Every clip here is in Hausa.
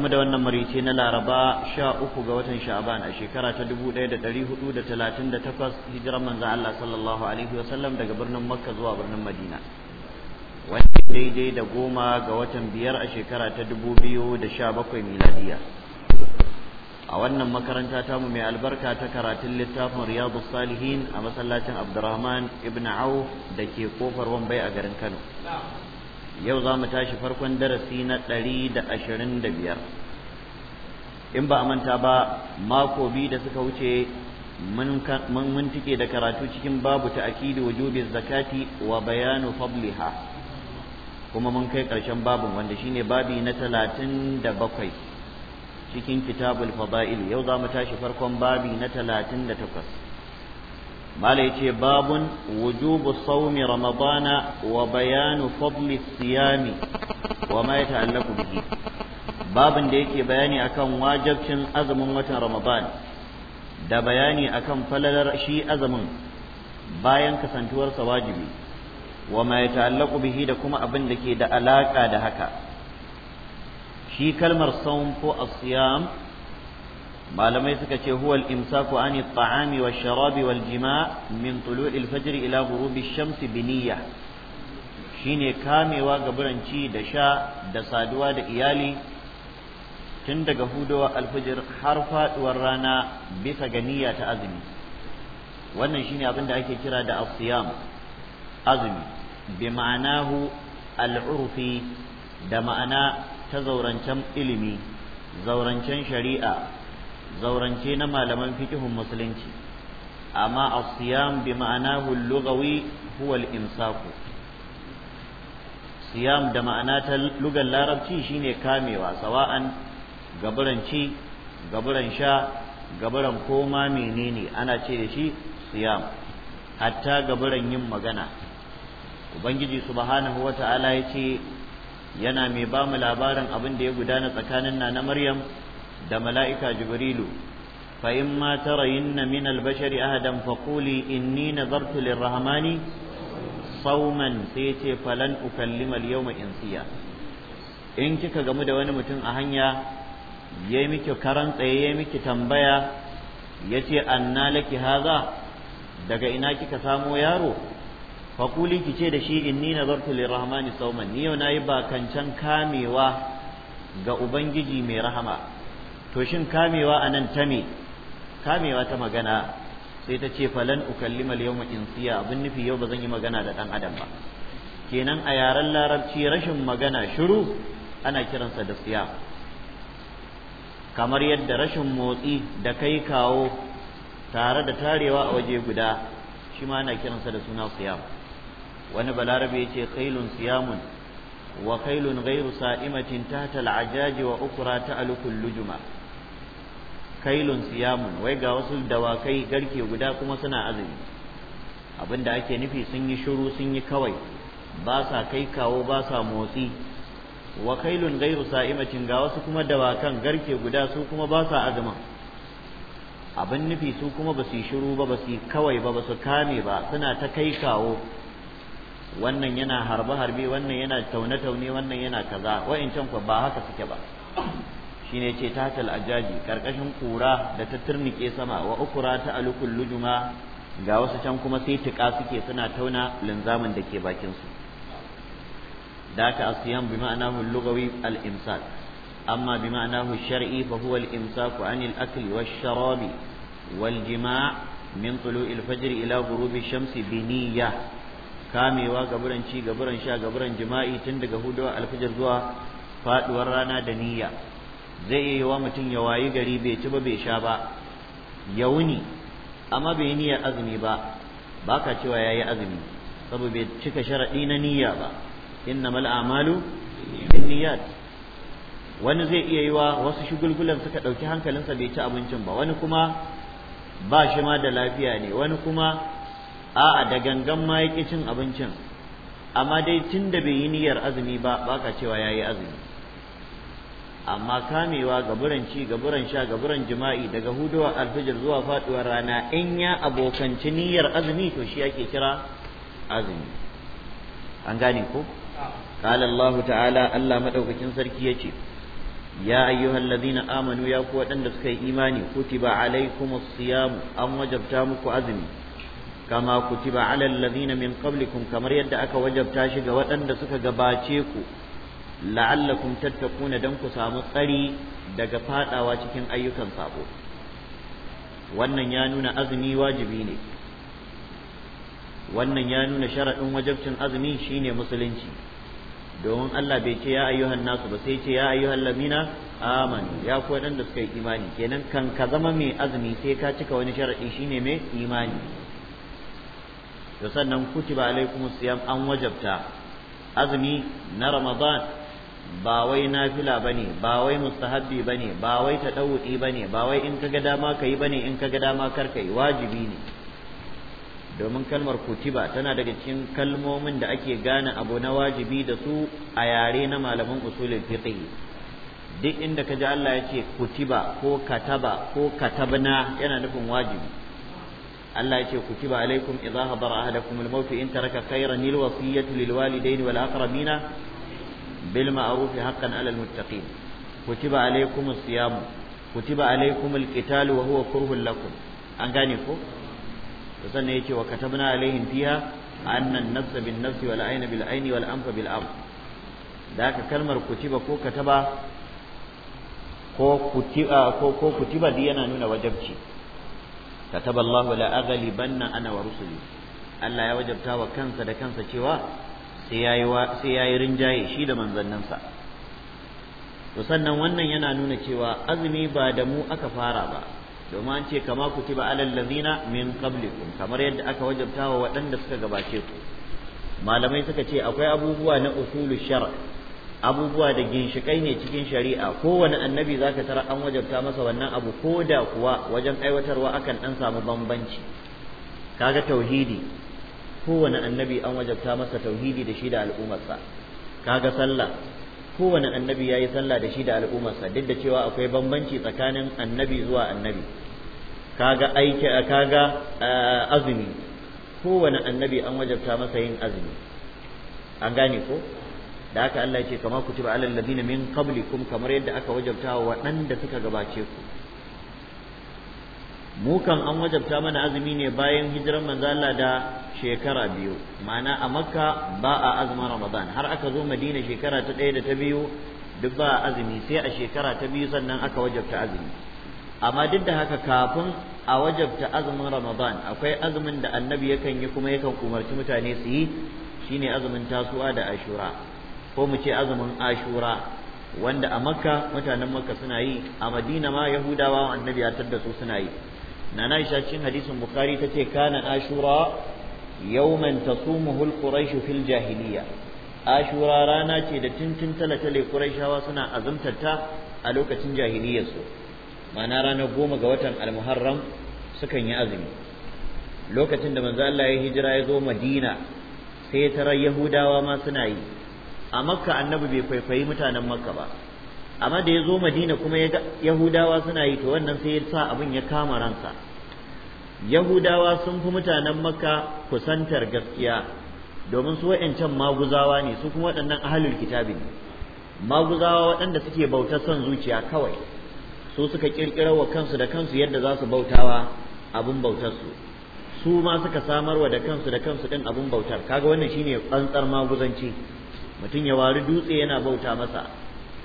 mu da wannan marice na laraba sha uku ga watan shaban a shekara ta dubu ɗaya da ɗari hudu da talatin da takwas hijiran manzan Allah sallallahu alaihi wa sallam, daga birnin makka zuwa birnin madina wani daidai da goma ga watan biyar a shekara ta dubu biyu da sha bakwai miladiya a wannan makaranta tamu mai albarka ta karatun littafin Riyabu salihin a masallacin Abdulrahman ibn auf da ke kofar wambai a garin kano yau za mu tashi farkon darasi na ɗari da ashirin da biyar in ba a manta ba mako biyu da suka wuce mun tike da karatu cikin babu ta akidi wujubi zakati wa bayanu fabliha kuma mun kai ƙarshen babin wanda shine babi na talatin da bakwai cikin kitabul fada'il yau za mu tashi farkon babi na talatin da takwas mala yace babun wujubu sawmi ramadana wa bayanu fadli siyami wa ma yata'allaqu bihi babin da yake bayani akan wajibcin azumin watan ramadan da bayani akan falalar shi azumin bayan kasantuwarsa wajibi wa ma yata'allaqu bihi da kuma abin da ke da alaka da haka shi kalmar saum ko Siyam. malamai suka ce huwal imsaku ani ta'ami wa sharabi wal jima' min tulu'il fajr ila ghurubi shamsi biniya shine kamewa ga buranci da sha da saduwa da iyali tun daga hudowa alfijir har faduwar rana bisa ga niyya ta azumi wannan shine abin da ake kira da siyam azumi bi ma'anahu al'urfi da ma'ana ta zaurancen ilimi zaurancen shari'a zaurance na malaman fikihun musulunci amma asiyam bi ma'anahu lugawi huwa al-imsaku siyam da ma'ana ta lugar larabci shine kamewa sawa'an gaburan ci gaburan sha gaburan koma menene ana ce da shi siyam hatta gaburan yin magana ubangiji subhanahu wata'ala ya ce yana mai ba mu labarin abin da ya gudana tsakanin na na maryam da mala'ika jibrilu fa in ma tarayinna min albashari ahadan fa quli inni nadartu lirrahmani sauman sai ce falan ukallima al insiya in kika gamu da wani mutum a hanya yayi miki karan tsaye yayi miki tambaya yace anna laki haza daga ina kika samo yaro fakuli ki ce da shi inni nazartu lirrahmani sauman ni yau nayi bakancan kamewa ga ubangiji mai rahama to shin kamewa a nan ta me kamewa ta magana sai ta ce falan ukallima al-yawma insiya abin nufi yau ba zan yi magana da dan adam ba kenan a yaren larabci rashin magana shiru ana kiransa da siya kamar yadda rashin motsi da kai kawo tare da tarewa a waje guda shi ma ana kiransa da suna siyam wani balarabe ya ce kailun siyamun wa kailun gairu sa'imatin tahta al'ajaji wa ukra ta'alukul lujuma kailun siyamun wai ga wasu dawakai garke guda kuma suna azumi abin da ake nufi sun yi shiru sun yi kawai ba sa kai kawo ba sa motsi wa kailun gairu sa'imacin ga wasu kuma dawakan garke guda su kuma ba sa azumin abin nufi su kuma ba su yi shiru ba ba su yi kawai ba ba su kame ba suna ta kai kawo wannan yana harbe harbe wannan yana taune taune wannan yana kaza wa'incan ku ba haka suke ba shine ce tatal ajaji karkashin kura da ta turnike sama wa ukura ta alukul lujuma ga wasu can kuma sai tuka suke suna tauna linzamin da ke bakin su Daka ta asiyan bi ma'anahu lugawi al amma bi ma'anahu shar'i fa huwa al imsaku anil akli wash sharabi wal jima' min tulu'il fajr ila ghurubi shamsi bi niyya kamewa gaburan ci gaburan sha gaburan jima'i tun daga hudu alfajir zuwa faduwar rana da niyya zai iya yiwa mutum ya wayi gari bai ci ba bai sha ba ya wuni amma bai niyyar azumi ba baka cewa ya yi azumi saboda bai cika sharaɗi na niyya ba innamal a'malu binniyat wani zai iya wa wasu shugulgulan suka ɗauki hankalinsa bai ci abincin ba wani kuma ba shi ma da lafiya ne wani kuma a'a da gangan ma ya ƙi cin abincin amma dai tun da bai yi niyyar azumi ba baka cewa ya yi azumi amma kamewa ga buran ci ga buran sha ga buran jima'i daga huduwar alfijir zuwa faduwar rana in ya abokanci niyyar azumi to shi ake kira azumi an gane ko قال الله تعالى الله مدوكين سركي يجي يا أيها الذين آمنوا يا قوة سكي إيماني كتب عليكم الصيام أم وجبتامك أزمي كما كتب على الذين من قبلكم كما يدعك وجبتاشك وأن سكي قباتيكم la'allakum tattaquna dan ku samu tsari daga fadawa cikin ayyukan sabo wannan ya nuna azumi wajibi ne wannan ya nuna sharaɗin wajabcin azumi shine musulunci domin Allah bai ce ya ayyuhan nasu ba sai ce ya ayyuhan lamina amanu ya ku waɗanda suka yi imani kenan kan ka zama mai azumi sai ka cika wani sharaɗi shine mai imani Da sannan kutiba alaikumus siyam an wajabta azumi na ramadan ba wai nafila bane ba wai mustahabbi bane ba wai tadawudi bane ba wai in kaga dama kai bane in kaga dama kar kai wajibi ne domin kalmar kutiba tana daga cikin kalmomin da ake gane abu na wajibi da su a yare na malaman usulul fiqh duk inda kaji Allah ya ce kutiba ko kataba ko katabna yana nufin wajibi Allah ya ce kutiba alaikum idza hadara ahadakum al-maut in taraka khayran lil wasiyyati lil walidayn wal aqrabina bil ma'ruf haqqan 'alal muttaqin kutiba alaykumus siyam kutiba alaykumul qital wa huwa kurhun lakum an gane ko to sannan yake wa katabna alaihim fiha anna an-nafs bin nafs wal 'ayna bil 'ayni wal anfa bil anf da haka kalmar kutiba ko kataba ko kutiba ko yana nuna wajabci kataballahu la aghlibanna ana rusuli Allah ya wajabta wa kansa da kansa cewa sai ya yi rinjaye shi da manzanninsa to sannan wannan yana nuna cewa azumi ba da mu aka fara ba domin an ce kama ku kutiba alal alallazina min qablikum kamar yadda aka wajabta wa waɗanda suka gabace ku malamai suka ce akwai abubuwa na usulu shar abubuwa da ginshikai ne cikin shari'a kowane annabi zaka tara an wajabta masa wannan abu ko da kuwa wajen aiwatarwa akan dan samu bambanci kaga tauhidi kowane annabi an wajabta masa tauhidi da shi da al'ummarsa kaga sallah kowane annabi yayi sallah da shi da al'ummarsa duk da cewa akwai bambanci tsakanin annabi zuwa annabi kaga aiki kaga eh, azumi kowane annabi an wajabta masa yin azumi an gane ko da haka Allah ya ce kama kutiba alal ladina min qablikum kamar yadda aka wajabta wa waɗanda suka gabace ku mu kan an wajabta mana azumi ne bayan hijiran manzo Allah da shekara biyu ma'ana a makka ba a azumin ramadan har aka zo madina shekara ta ɗaya da ta biyu duk ba azumi sai a shekara ta biyu sannan aka wajabta azumi amma duk da haka kafin a wajabta azumin ramadan akwai azumin da annabi yakan yi kuma yakan umarci mutane su yi shine azumin tasuwa da ashura ko mu ce azumin ashura wanda a makka mutanen makka suna yi a madina ma yahudawa annabi ya tadda su suna yi nana Aisha cikin hadisin Bukhari tace kana Ashura yawman tasumuhu al-Quraysh fil jahiliya Ashura rana ce da tuntun talatale Qurayshawa suna azumtarta a lokacin jahiliyarsu ma'ana ranar goma ga watan al-Muharram sukan yi azumi lokacin da manzo Allah ya hijira ya zo Madina sai tarar Yahudawa ma suna yi a Makka annabi bai kwaikwayi mutanen Makka ba amma da ya zo madina kuma yahudawa suna yi to wannan sai ya sa abin ya kama ransa yahudawa sun fi mutanen makka kusantar gaskiya domin su wa'yancan maguzawa ne su kuma waɗannan ahalul kitabi ne maguzawa waɗanda suke bautar son zuciya kawai su suka ƙirƙirar wa kansu da kansu yadda za su bautawa abin bautar su su ma suka samarwa da kansu da kansu ɗin abin bautar kaga wannan shine tsantsar maguzanci mutum ya wari dutse yana bauta masa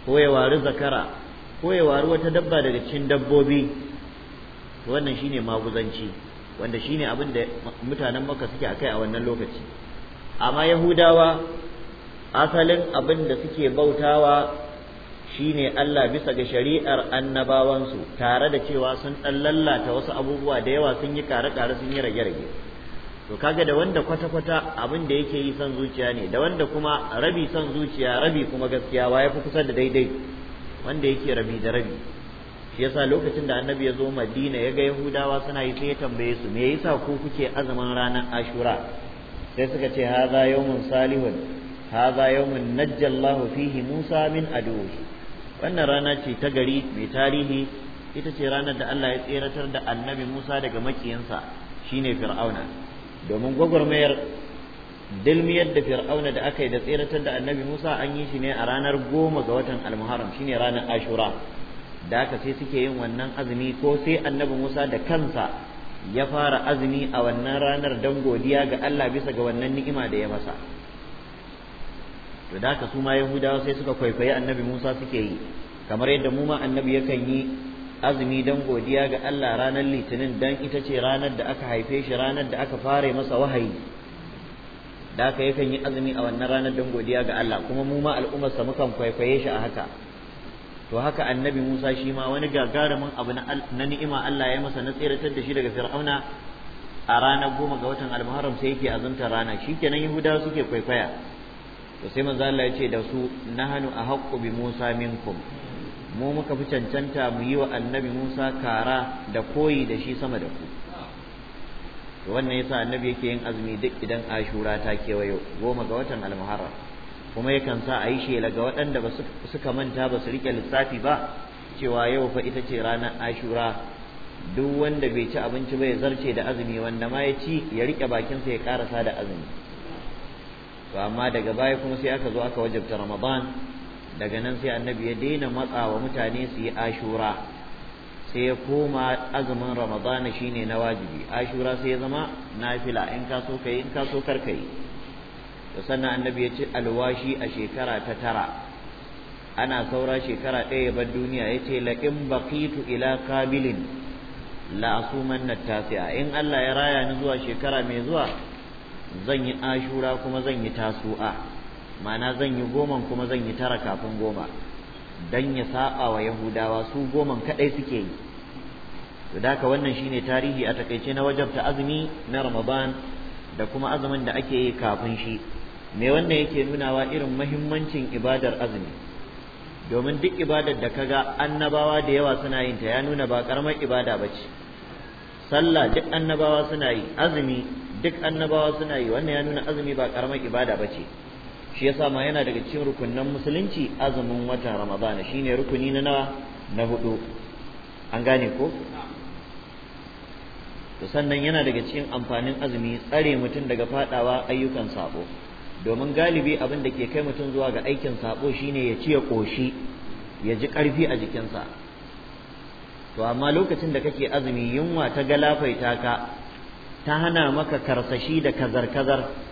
ko ya wari zakara ko ya wari wata dabba daga cikin dabbobi wannan shine maguzanci wanda shine abin da mutanen makka suke akai a wannan lokaci amma yahudawa asalin abin da suke bautawa shine Allah bisa ga shari'ar annabawansu tare da cewa sun ɗan lallata wasu abubuwa da yawa sun yi kare-kare sun yi rage-rage to kaga da wanda kwata-kwata abin da yake yi son zuciya ne da wanda kuma rabi son zuciya rabi kuma gaskiya wa ya fi kusa da daidai wanda yake rabi da rabi shi yasa lokacin da annabi ya zo madina ya ga yahudawa suna yi sai ya tambaye su me yasa ku kuke azumin ranar ashura sai suka ce haza yawmun salihun haza yawmun najjallahu fihi musa min aduwwi wannan rana ce ta gari mai tarihi ita ce ranar da Allah ya tseratar da annabi Musa daga makiyansa shine Fir'auna domin gwagwarmayar dilmiyar da fir'auna da aka yi da tseratar da annabi musa an yi shi ne a ranar goma ga watan almuharram shine ranar ashura da aka sai suke yin wannan azumi ko sai annabi musa da kansa ya fara azumi a wannan ranar don godiya ga allah bisa ga wannan ni'ima da ya masa to da haka su ma yahudawa sai suka kwaikwayi annabi musa suke yi kamar yadda mu ma annabi yakan yi azumi don godiya ga Allah ranar litinin don ita ce ranar da aka haife shi ranar da aka fara masa wahayi da aka yakan yi azumi a wannan ranar don godiya ga Allah kuma mu ma al'ummarsa mukan kwaikwaye shi a haka to haka annabi Musa shi ma wani gagarumin abu na ni'ima Allah ya masa na tseratar da shi daga Fir'auna a ranar goma ga watan almuharram sai yake azumta rana shikenan Yahudawa suke kwaikwaya to sai manzo Allah ya ce da su nahanu ahaqqu bi Musa minkum mu muka fi cancanta mu yi wa annabi Musa kara da koyi da shi sama da ku to wannan yasa annabi yake yin azumi duk idan ashura ta kewayo goma ga watan almuharram kuma yakan sa a yi shela ga waɗanda ba suka manta ba su rike lissafi ba cewa yau fa ita ce ranar ashura duk wanda bai ci abinci ba ya zarce da azumi wanda ma ya ci ya rike bakinsa ya karasa da azumi to amma daga baya kuma sai aka zo aka wajabta ramadan daga nan sai annabi ya daina wa mutane su yi ashura sai ya koma azumin ramadana shine na wajibi ashura sai ya zama nafila in ka so kai in ka so kar kai to sannan annabi ya ci alwashi a shekara ta tara ana saura shekara ɗaya ya bar duniya ya ce la'in baqitu ila kabilin la asuman tasi'a in Allah ya raya ni zuwa shekara mai zuwa zan yi ashura kuma zan yi tasu'a ma'ana zan yi goma kuma zan yi tara kafin goma dan ya saba wa yahudawa su goman kadai suke yi to daka wannan shine tarihi a takaice na ta azumi na ramadan da kuma azumin da ake yi kafin shi me wannan yake nunawa irin mahimmancin ibadar azumi domin duk ibadar da kaga annabawa da yawa suna yin ta ya nuna ba karamar ibada bace sallah duk annabawa suna yi azumi duk annabawa suna yi wannan ya nuna azumi ba karamar ibada bace shi yasa ma yana daga cikin rukunnan musulunci azumin wata ramadana shine rukuni na na hudu an gane ko to sannan yana daga cikin amfanin azumi tsare mutum daga fadawa ayyukan sabo domin galibi abin da ke kai mutum zuwa ga aikin sabo shine ya ci ya koshi ya ji karfi a jikinsa to amma lokacin da kake azumi yunwa ta galafaita ka ta hana maka karsashi da kazar-kazar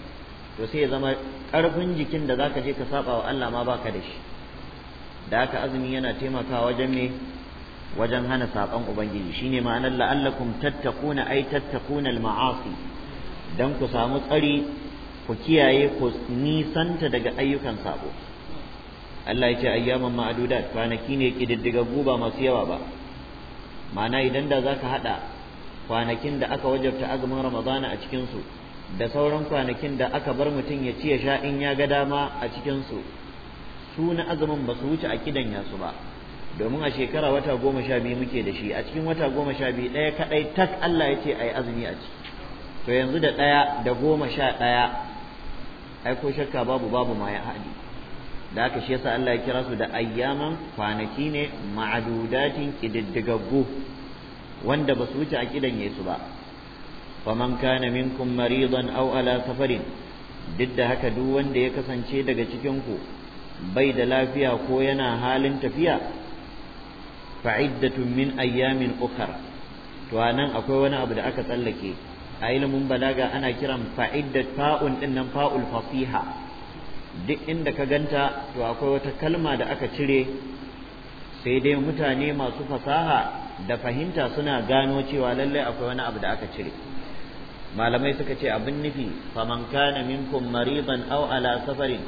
to sai ya zama ƙarfin jikin da zaka je ka saba wa Allah ma baka da shi da haka azumi yana taimakawa wajen me wajen hana saban ubangiji shine ma'anar la'allakum tattaquna ay tattaquna al-ma'asi dan ku samu tsari ku kiyaye ku nisanta daga ayyukan sabo Allah ya ce ayyaman ma'adudat kwanaki ne kididdiga guba masu yawa ba ma'ana idan da zaka hada kwanakin da aka wajabta azumin ramadana a cikin su da sauran kwanakin da aka bar mutum ya ci ya sha in ya ga dama a cikinsu su na azumin ba su wuce a kidan su ba domin a shekara wata goma sha biyu muke da shi a cikin wata goma sha biyu ɗaya kaɗai tak Allah ya ce a yi azumi a ciki to yanzu da ɗaya da goma sha ɗaya ai ko shakka babu babu ma ya haɗi da aka shi yasa Allah ya kira su da ayyaman kwanaki ne ma'adudatin kididdigaggu wanda ba su wuce a kidan su ba faman kana minkum maridan aw ala safarin duk da haka duk wanda ya kasance daga cikin ku bai da lafiya ko yana halin tafiya fa'iddatun min ayyamin ukar, to anan akwai wani abu da aka tsallake a ilimin balaga ana kiran fa'iddat fa'un din nan fa'ul fasiha duk inda ka ganta to akwai wata kalma da aka cire sai dai mutane masu fasaha da fahimta suna gano cewa lallai akwai wani abu da aka cire malamai suka ce abin nufi faman kana minkum maridan aw ala safarin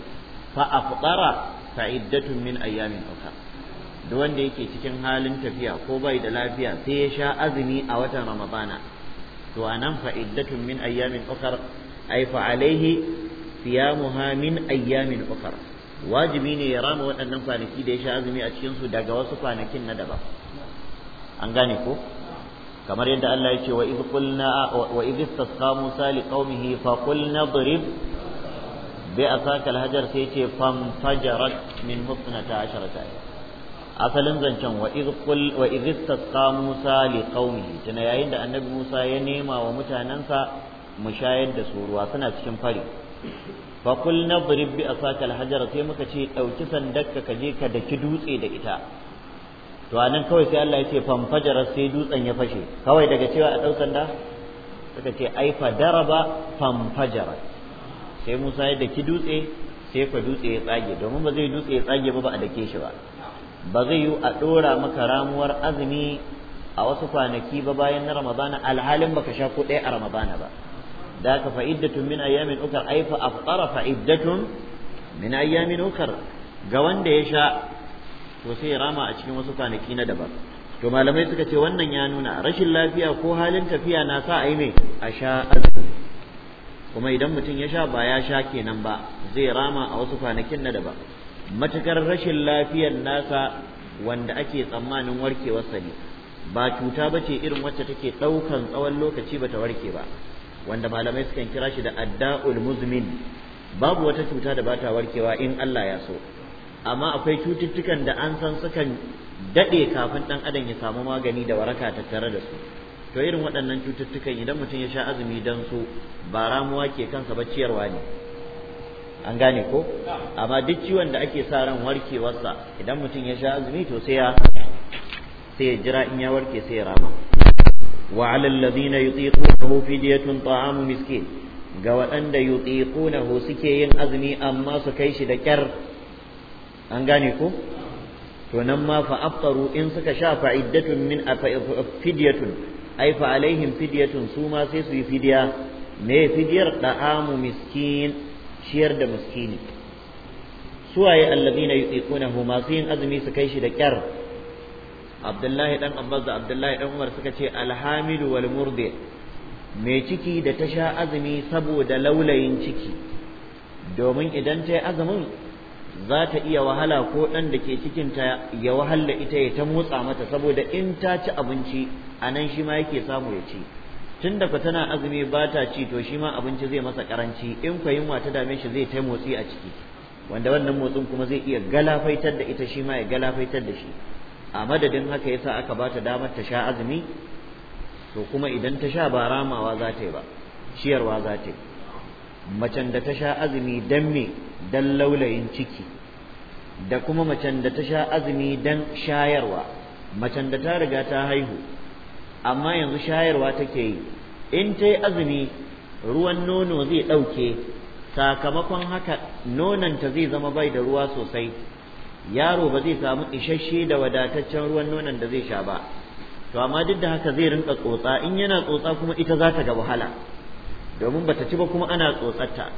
fa afṭara fa iddatun min ayyamin ukhra duk wanda yake cikin halin tafiya ko bai da lafiya sai ya sha azumi a watan ramadana to anan fa iddatun min ayyamin ukhra ay fa alaihi siyamuha min ayyamin ukhra wajibi ne ya rama waɗannan kwanaki da ya sha azumi a cikinsu daga wasu kwanakin na daban an gane ko kamar yadda Allah ya ce wa idh qulna wa idh istasqa Musa li qaumihi fa qulna drib bi asaka al-hajar sai ce fam fajarat min husnata asharata asalin zancen wa idh qul wa idh istasqa Musa li qaumihi tana yayin da annabi Musa ya nema wa mutanansa mu shayar da su ruwa suna cikin fari fa qulna drib bi asaka al-hajar sai muka ce dauki sandarka ka je ka daki dutse da ita to anan kawai sai Allah ya ce famfajara sai dutsen ya fashe kawai daga cewa a ɗaukan da suka ce ai fadaraba famfajara sai Musa ya daki dutse sai fa dutse ya tsage domin ba zai dutse ya tsage ba ba a dake shi ba ba zai yi a ɗora maka ramuwar azumi a wasu kwanaki ba bayan na ramadana alhalin baka sha ko ɗaya a ramadana ba da ka fa'iddatun min ayyamin ukar ai fa afqara fa'iddatun min ayyamin ukar ga wanda ya sha to sai ya rama a cikin wasu kwanaki na daban to malamai suka ce wannan ya nuna rashin lafiya ko halin tafiya na sa a yi mai a sha azumi kuma idan mutum ya sha ba ya sha kenan ba zai rama a wasu kwanakin na daban matukar rashin lafiyar nasa wanda ake tsammanin warkewarsa ne ba cuta ba ce irin wacce take ɗaukan tsawon lokaci ba ta warke ba wanda malamai sukan kira shi da adda'ul muzmin babu wata cuta da ba ta warkewa in Allah ya so amma akwai cututtukan da an san sukan dade kafin dan adam ya samu magani da waraka ta tattare da su to irin waɗannan cututtukan idan mutum ya sha azumi don su ba ramuwa ke kansa ba ciyarwa ne an gane ko amma duk ciwon da ake sa ran warkewarsa idan mutum ya sha azumi to sai ya sai ya jira in ya warke sai ya rama wa alal ladina yutiqunahu fidyatun ta'amu miskin ga waɗanda yutiqunahu suke yin azumi amma su kai shi da kyar an gane ko to nan ma fa aftaru in suka sha fa'iddatun min fidyatun ai fa alaihim fidyatun su ma sai su yi fidya me fidyar da'amu miskin ciyar da miskini suwaye allazina yuqiqunahu masu yin azumi su kai shi da kyar abdullahi dan abbas da abdullahi dan umar suka ce alhamidu wal murdi mai ciki da ta sha azumi saboda laulayin ciki domin idan ta yi azumin za ta iya wahala ko ɗan da ke cikinta ya wahala ita ya ta motsa mata saboda in ta ci abinci a nan shi ma yake samu ya ci tun da tana azumi ba ta ci to shi ma abinci zai masa karanci in kwa yin ta dame shi zai ta motsi a ciki wanda wannan motsin kuma zai iya galafaitar da ita shi ma ya galafaitar da shi a madadin haka yasa aka ba ta damar ta sha azumi to kuma idan ta sha ba ramawa za ta yi ba ciyarwa za ta yi macen da ta sha azumi dan me dan laulayin ciki da kuma macen da ta sha azumi dan shayarwa macen da ta riga ta haihu amma yanzu shayarwa take yi in ta yi azumi ruwan nono zai ɗauke sakamakon haka nonanta zai zama bai da ruwa sosai yaro ba zai samu isasshe da wadataccen ruwan nonon da zai sha ba to amma duk da haka zai rinka tsotsa in yana tsotsa kuma ita za ta ga wahala domin ba ta ci ba kuma ana tsotsatta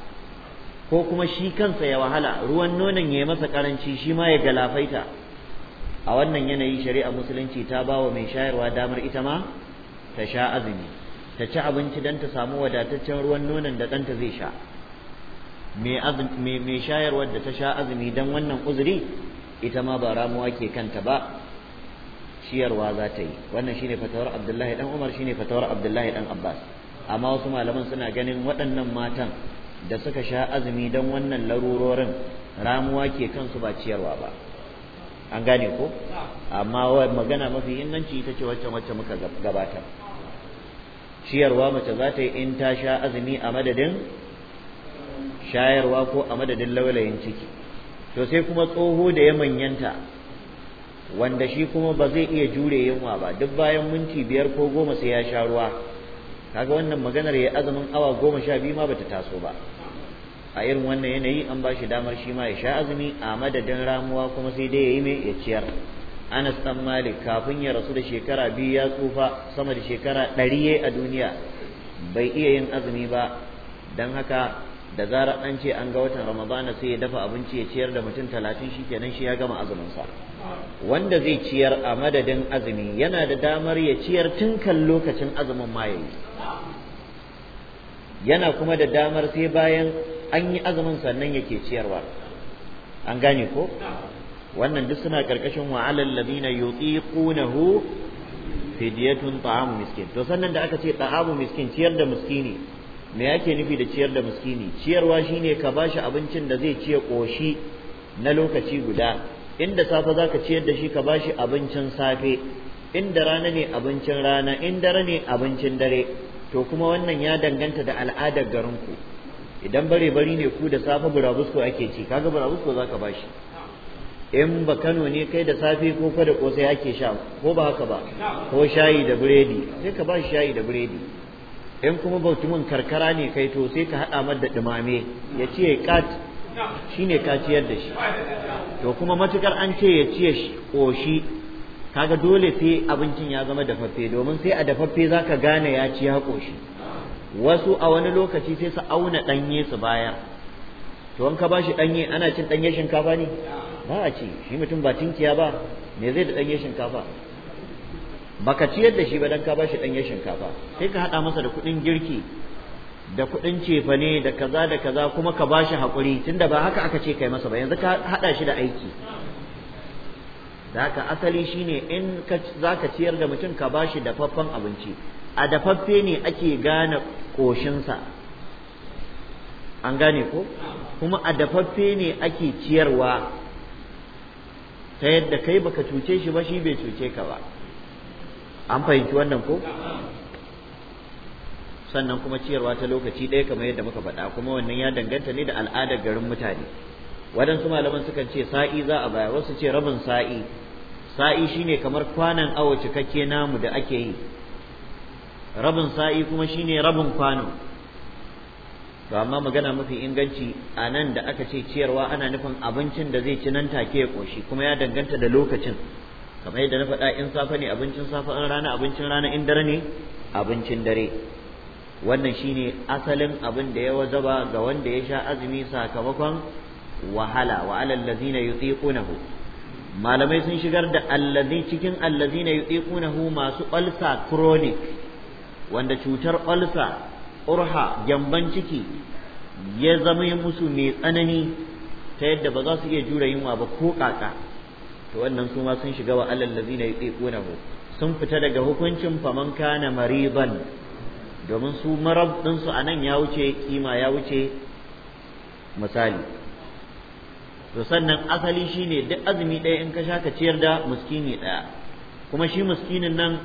ko kuma shi kansa ya wahala ruwan nonon ya yi masa karanci shi ma ya galafaita a wannan yanayi shari'a musulunci ta ba wa mai shayarwa damar ita ma ta sha azumi ta ci abinci don ta samu wadataccen ruwan nonon da ɗanta zai sha mai shayarwa da ta sha azumi don wannan uzuri ita ma ba ramuwa ke kanta ba ciyarwa za ta yi wannan shine fatawar abdullahi dan umar shine fatawar abdullahi dan abbas amma wasu malaman suna ganin waɗannan matan da suka sha azumi don wannan larurorin ramuwa ke kansu ba ciyarwa ba an gane ko amma magana mafi inganci ita ce wacce wacce muka gabata ciyarwa mace za ta yi in ta sha azumi a madadin shayarwa ko a madadin laulayin ciki to sai kuma tsoho da ya manyanta wanda shi kuma ba zai iya jure yunwa ba duk bayan minti biyar ko goma sai ya sha ruwa kaga wannan maganar ya azumin awa goma sha biyu ma bata taso ba a irin wannan yanayi an bashi damar shi ma ya sha azumi a madadin ramuwa kuma sai dai ya yi mai ya ciyar anas dan malik kafin ya rasu da shekara biyu ya tsufa sama da shekara ɗari a duniya bai iya yin azumi ba don haka da zarar an ce an ga watan ramadana sai ya dafa abinci ya ciyar da mutum talatin shi kenan shi ya gama azuminsa wanda zai ciyar a madadin azumi yana da damar ya ciyar tun kan lokacin azumin ma yayi yana kuma da damar sai bayan an yi azumin sannan yake ciyarwa an gane ko wannan duk suna karkashin wa alal ladina yutiqunahu fidyatun ta'amu miskin to sannan da aka ce ta'amu miskin ciyar da miskini me yake nufi da ciyar da miskini ciyarwa shine ka bashi abincin da zai ciye koshi na lokaci guda inda safe zaka ciyar da shi ka bashi abincin safe inda rana ne abincin rana in dare ne abincin dare to kuma wannan ya danganta da al'adar garinku idan bare bari ne ku da safe burabusko ake ci kaga burabusko zaka bashi in ba Kano ne kai da safe ko fa da kosai ake sha ko ba haka ba ko shayi da biredi sai ka bashi shayi da biredi in kuma bautumin karkara ne kai to sai ka haɗa mar da ɗumame ya ce kat shi ne ka ciyar da shi to kuma matukar an ce ya ciye shi ƙoshi kaga dole sai abincin ya zama dafaffe domin sai a dafaffe za ka gane ya ci ya ƙoshi wasu a wani lokaci sai su auna ɗanye su bayar to an ka ba shi ɗanye ana cin ɗanye shinkafa ne ba a ci shi mutum ba tinkiya ba me zai da ɗanye shinkafa baka ciyar da shi ba dan ka bashi ɗanyen shinkafa sai ka haɗa masa da kuɗin girki da kuɗin cefane da kaza da kaza kuma ka bashi hakuri tunda ba haka aka ce kai masa ba yanzu ka haɗa shi da aiki da haka asali shine in za ka ciyar da mutum ka bashi dafaffen abinci a dafaffe ne ake gane koshinsa an gane ko kuma a dafaffe ne ake ciyarwa ta yadda kai baka cuce shi ba shi bai cuce ka ba an fahimci wannan ko sannan kuma ciyarwa ta lokaci ɗaya kamar yadda muka faɗa kuma wannan ya danganta ne da al'adar garin mutane waɗansu malaman sukan ce sa'i za a baya wasu ce rabin sa'i sa'i shine kamar kwanan awo cikakke namu da ake yi rabin sa'i kuma shine rabin kwano to amma magana mafi inganci a nan da aka ce ciyarwa ana nufin abincin da zai ci nan take ya ƙoshi kuma ya danganta da lokacin kamar yadda na faɗa in safe ne abincin safe in rana abincin rana in dare ne abincin dare wannan shine asalin abin da ya wajaba ga wanda ya sha azumi sakamakon wahala wa alal yutiqunahu malamai sun shigar da allazi cikin allazina yutiqunahu masu ulsa chronic wanda cutar ulsa urha gyamban ciki ya zama musu mai tsanani ta yadda ba za su iya jure yunwa ba ko kaka to wannan su ma sun shiga wa alal ladzina hu sun fita daga hukuncin faman kana Mariban domin su marab din su anan ya wuce kima ya wuce misali to sannan asali shine duk azumi ɗaya in ka sha ka ciyar da muskini ɗaya kuma shi miskinin nan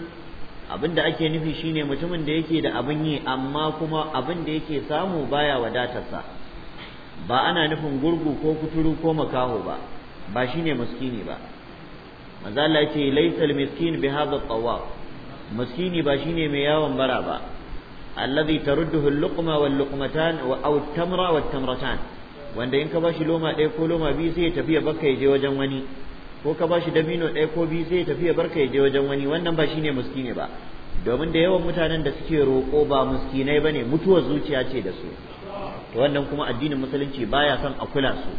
abin da ake nufi shine mutumin da yake da abin yi amma kuma abin da yake samu baya wadatarsa ba ana nufin gurgu ko kuturu ko makaho ba ba shine muskini ba maza Allah ce laysal miskin bi hadha tawaf miskini ba shine mai yawan bara ba alladhi tarudduhu al-luqma wal luqmatan wa aw tamra wat tamratan wanda in ka bashi loma ɗaya ko loma biyu sai ya tafi ya barka ya je wajen wani ko ka bashi dabino ɗaya ko biyu sai ya tafi ya barka ya je wajen wani wannan ba shine miskini ba domin da yawan mutanen da suke roƙo ba muskinai bane mutuwar zuciya ce da su to wannan kuma addinin musulunci baya son a kula su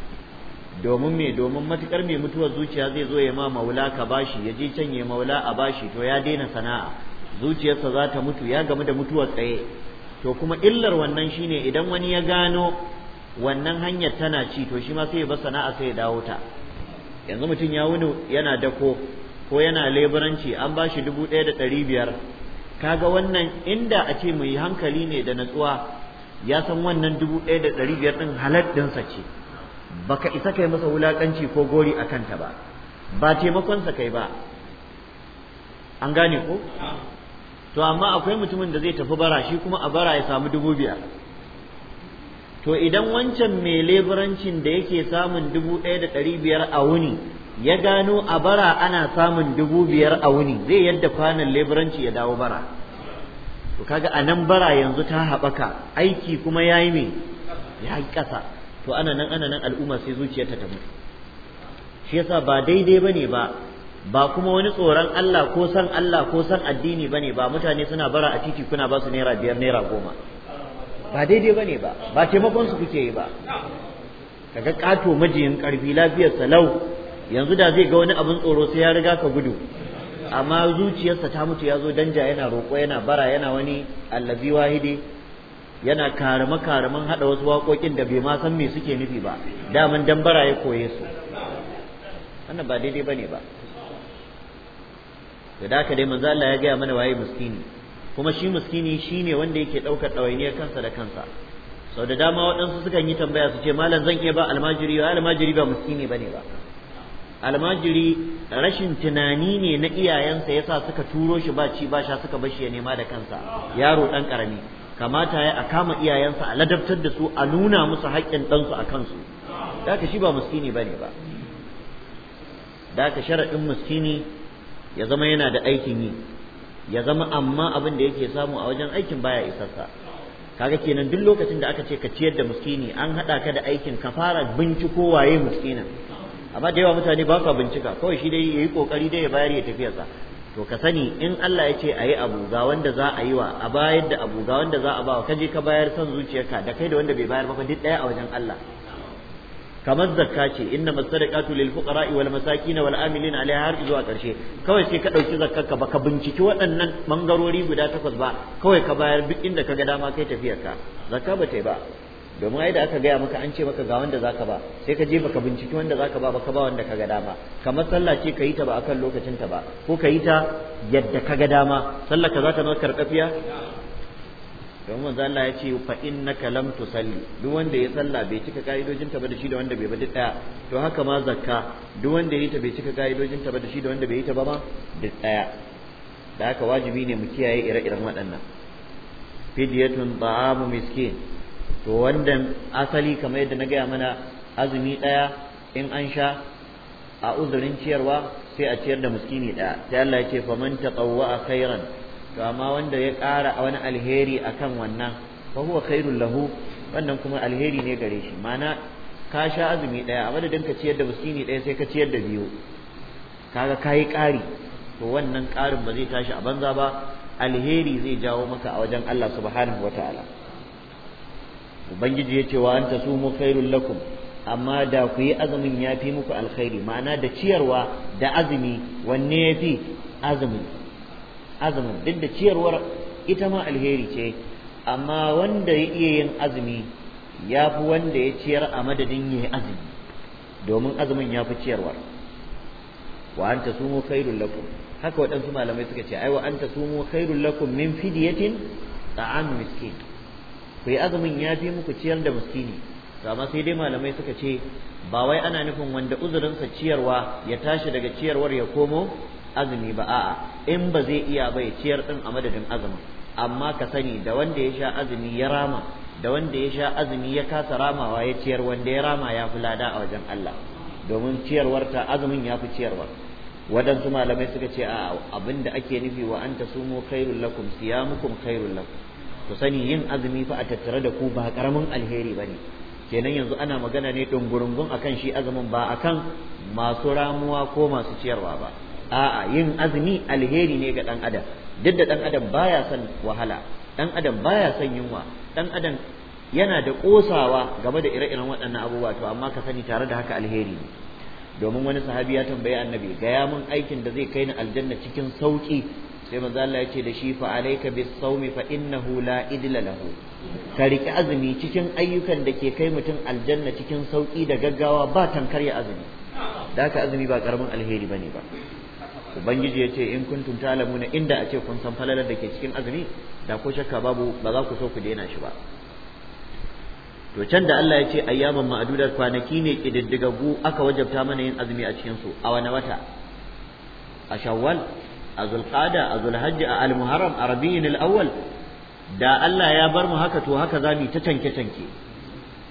domin me domin matukar mai mutuwar zuciya zai zo ya ma maula ka bashi ya je can ya maula a bashi to ya daina sana'a zuciyarsa za ta mutu ya gamu da mutuwar tsaye to kuma illar wannan shine idan wani ya gano wannan hanyar tana ci to shi ma sai ya bar sana'a sai ya dawo ta yanzu mutum ya wuni yana dako ko yana leburanci an bashi dubu ɗaya da ɗari biyar kaga wannan inda a ce mai hankali ne da natsuwa ya san wannan dubu ɗaya da ɗari biyar ɗin halar ɗinsa ce baka isa kai masa wulakanci ko gori a kanta ba ba taimakonsa kai ba an gane ko to amma akwai mutumin da zai tafi bara shi kuma a bara ya samu dubu biyar to idan wancan mai leburancin da yake samun dubu ɗaya da ɗari biyar a wuni ya gano a bara ana samun dubu biyar a wuni zai yadda kwanan leburanci ya dawo bara to kaga a nan bara yanzu ta haɓaka aiki kuma ya yi mai ya yi ƙasa to ana nan ana nan al'umma sai zuciyarta ta mutu shi yasa ba daidai bane ba ba kuma wani tsoron Allah ko san Allah ko san addini bane ba mutane suna bara a titi kuna ba su naira biyar naira goma ba daidai bane ba ba taimakon su kuke yi ba kaga kato majiyin karfi lafiyar salau yanzu da zai ga wani abin tsoro sai ya riga ka gudu amma zuciyarsa ta mutu ya zo danja yana roƙo yana bara yana wani allazi wahidi yana karama karaman hada wasu waƙoƙin da bai ma san me suke nufi ba daman dambara ya koye su wannan ba daidai bane ba da haka dai manzo Allah ya gaya mana waye miskini kuma shi miskini shine wanda yake ɗaukar ɗawainiyar kansa da kansa sau da dama waɗansu sukan yi tambaya su ce malam zan iya ba almajiri ba almajiri ba miskini bane ba almajiri rashin tunani ne na iyayensa yasa suka turo shi ba ci ba sha suka bashi ya nema da kansa yaro dan karami kamata ya a kama iyayensa a ladabtar da su a nuna musu haƙƙin ɗansu a kansu da shi ba muskini bane ne ba da ka sharaɗin muskini ya zama yana da aikin yi ya zama amma abin da yake samu a wajen aikin baya isarsa kaga kenan duk lokacin da aka ce ka ciyar da muskini an haɗa ka da aikin ka fara binciko waye muskinin amma da yawa mutane ba sa bincika kawai shi dai yayi kokari dai ya bayar ya tafiyarsa to ka sani in Allah ya ce a yi abu ga wanda za a yi wa a bayar da abu ga wanda za a ba ka je ka bayar son zuciyarka da kai da wanda bai bayar ba duk ɗaya a wajen Allah kamar zakka ce inna masadaqatu lil fuqara'i wal masakin wal amilin alaiha har zuwa karshe kawai sai ka dauki zakkarka baka binciki waɗannan bangarori guda takwas ba kawai ka bayar duk inda ka ga dama kai tafiyarka zakka ba ta yi ba domin ai da aka gaya maka an ce maka ga wanda zaka ba sai ka je baka binciki wanda zaka ba baka ba wanda ka ga dama kamar sallah ce ka yi ta ba akan lokacin ta ba ko ka yi ta yadda ka ga dama sallar ka za ta zama karkafiya domin manzo Allah ya ce fa innaka lam tusalli duk wanda ya salla bai cika kaidojin ta ba da shi da wanda bai ba duk daya to haka ma zakka duk wanda ya yi ta bai cika kaidojin ta ba da shi da wanda bai yi ta ba ma duk daya da haka wajibi ne mu kiyaye ire-iren waɗannan fidyatun ta'amu miskin to wanda asali kamar yadda na gaya mana azumi ɗaya in an sha a uzurin ciyarwa sai a ciyar da miskini ɗaya sai Allah ya ce faman taqawwa khairan to amma wanda ya ƙara wani alheri akan wannan fa huwa khairul lahu wannan kuma alheri ne gare shi mana ka sha azumi ɗaya a madadin ka ciyar da miskini ɗaya sai ka ciyar da biyu kaga kayi ƙari to wannan ƙarin ba zai tashi a banza ba alheri zai jawo maka a wajen Allah subhanahu wataala ubangiji ya ce wa anta mu khairul lakum amma da ku yi azumin ya fi muku alkhairi ma'ana da ciyarwa da azumi wanne ya fi azumin azumin duk da ciyarwar ita ma alheri ce amma wanda ya iya yin azumi ya fi wanda ya ciyar a madadin ya yi azumi domin azumin ya fi ciyarwar wa anta mu khairul lakum haka waɗansu malamai suka ce ai wa anta mu khairul lakum min fidyatin ta'am miskin ku azumin ya fi muku ciyar da miskini to amma sai dai malamai suka ce ba wai ana nufin wanda uzurinsa ciyarwa ya tashi daga ciyarwar ya komo azumi ba a'a in ba zai iya ba ya ciyar din a madadin azumin amma ka sani da wanda ya sha azumi ya rama da wanda ya sha azumi ya kasa ramawa ya ciyar wanda ya rama ya fi lada a wajen Allah domin ciyarwar ta azumin ya fi ciyarwar wadansu malamai suka ce a abinda ake nufi wa anta sumu khairul lakum siyamukum khairul lakum ku sani yin azumi fa a tattare da ku ba karamin alheri ba ne. kenan yanzu ana magana ne dungurungun akan shi azumin ba akan masu ramuwa ko masu ciyarwa ba a'a yin azumi alheri ne ga dan adam duk da dan adam baya son wahala dan adam baya son yunwa dan adam yana da kosawa game da ire-iren waɗannan abubuwa to amma ka sani tare da haka alheri ne domin wani sahabi ya tambayi annabi gaya mun aikin da zai kai ni aljanna cikin sauki sai manzo Allah ya ce da shi fa alayka bis sawmi fa innahu la idla lahu ka rike azumi cikin ayyukan da ke kai mutum aljanna cikin sauki da gaggawa ba tankar ya azumi da ka azumi ba karamin alheri bane ba ubangiji ya ce in kuntum ta'lamuna inda a ce kun san falalar da ke cikin azumi da ko shakka babu ba za ku so ku daina shi ba to can da Allah ya ce ayyaman ma'adudar kwanaki ne kididdigaggu aka wajabta mana yin azumi a cikin su a wani wata a shawwal a zulqada a zulhajji a almuharram a rabi'in al-awwal da Allah ya bar mu haka to haka za mu ta tanke tanke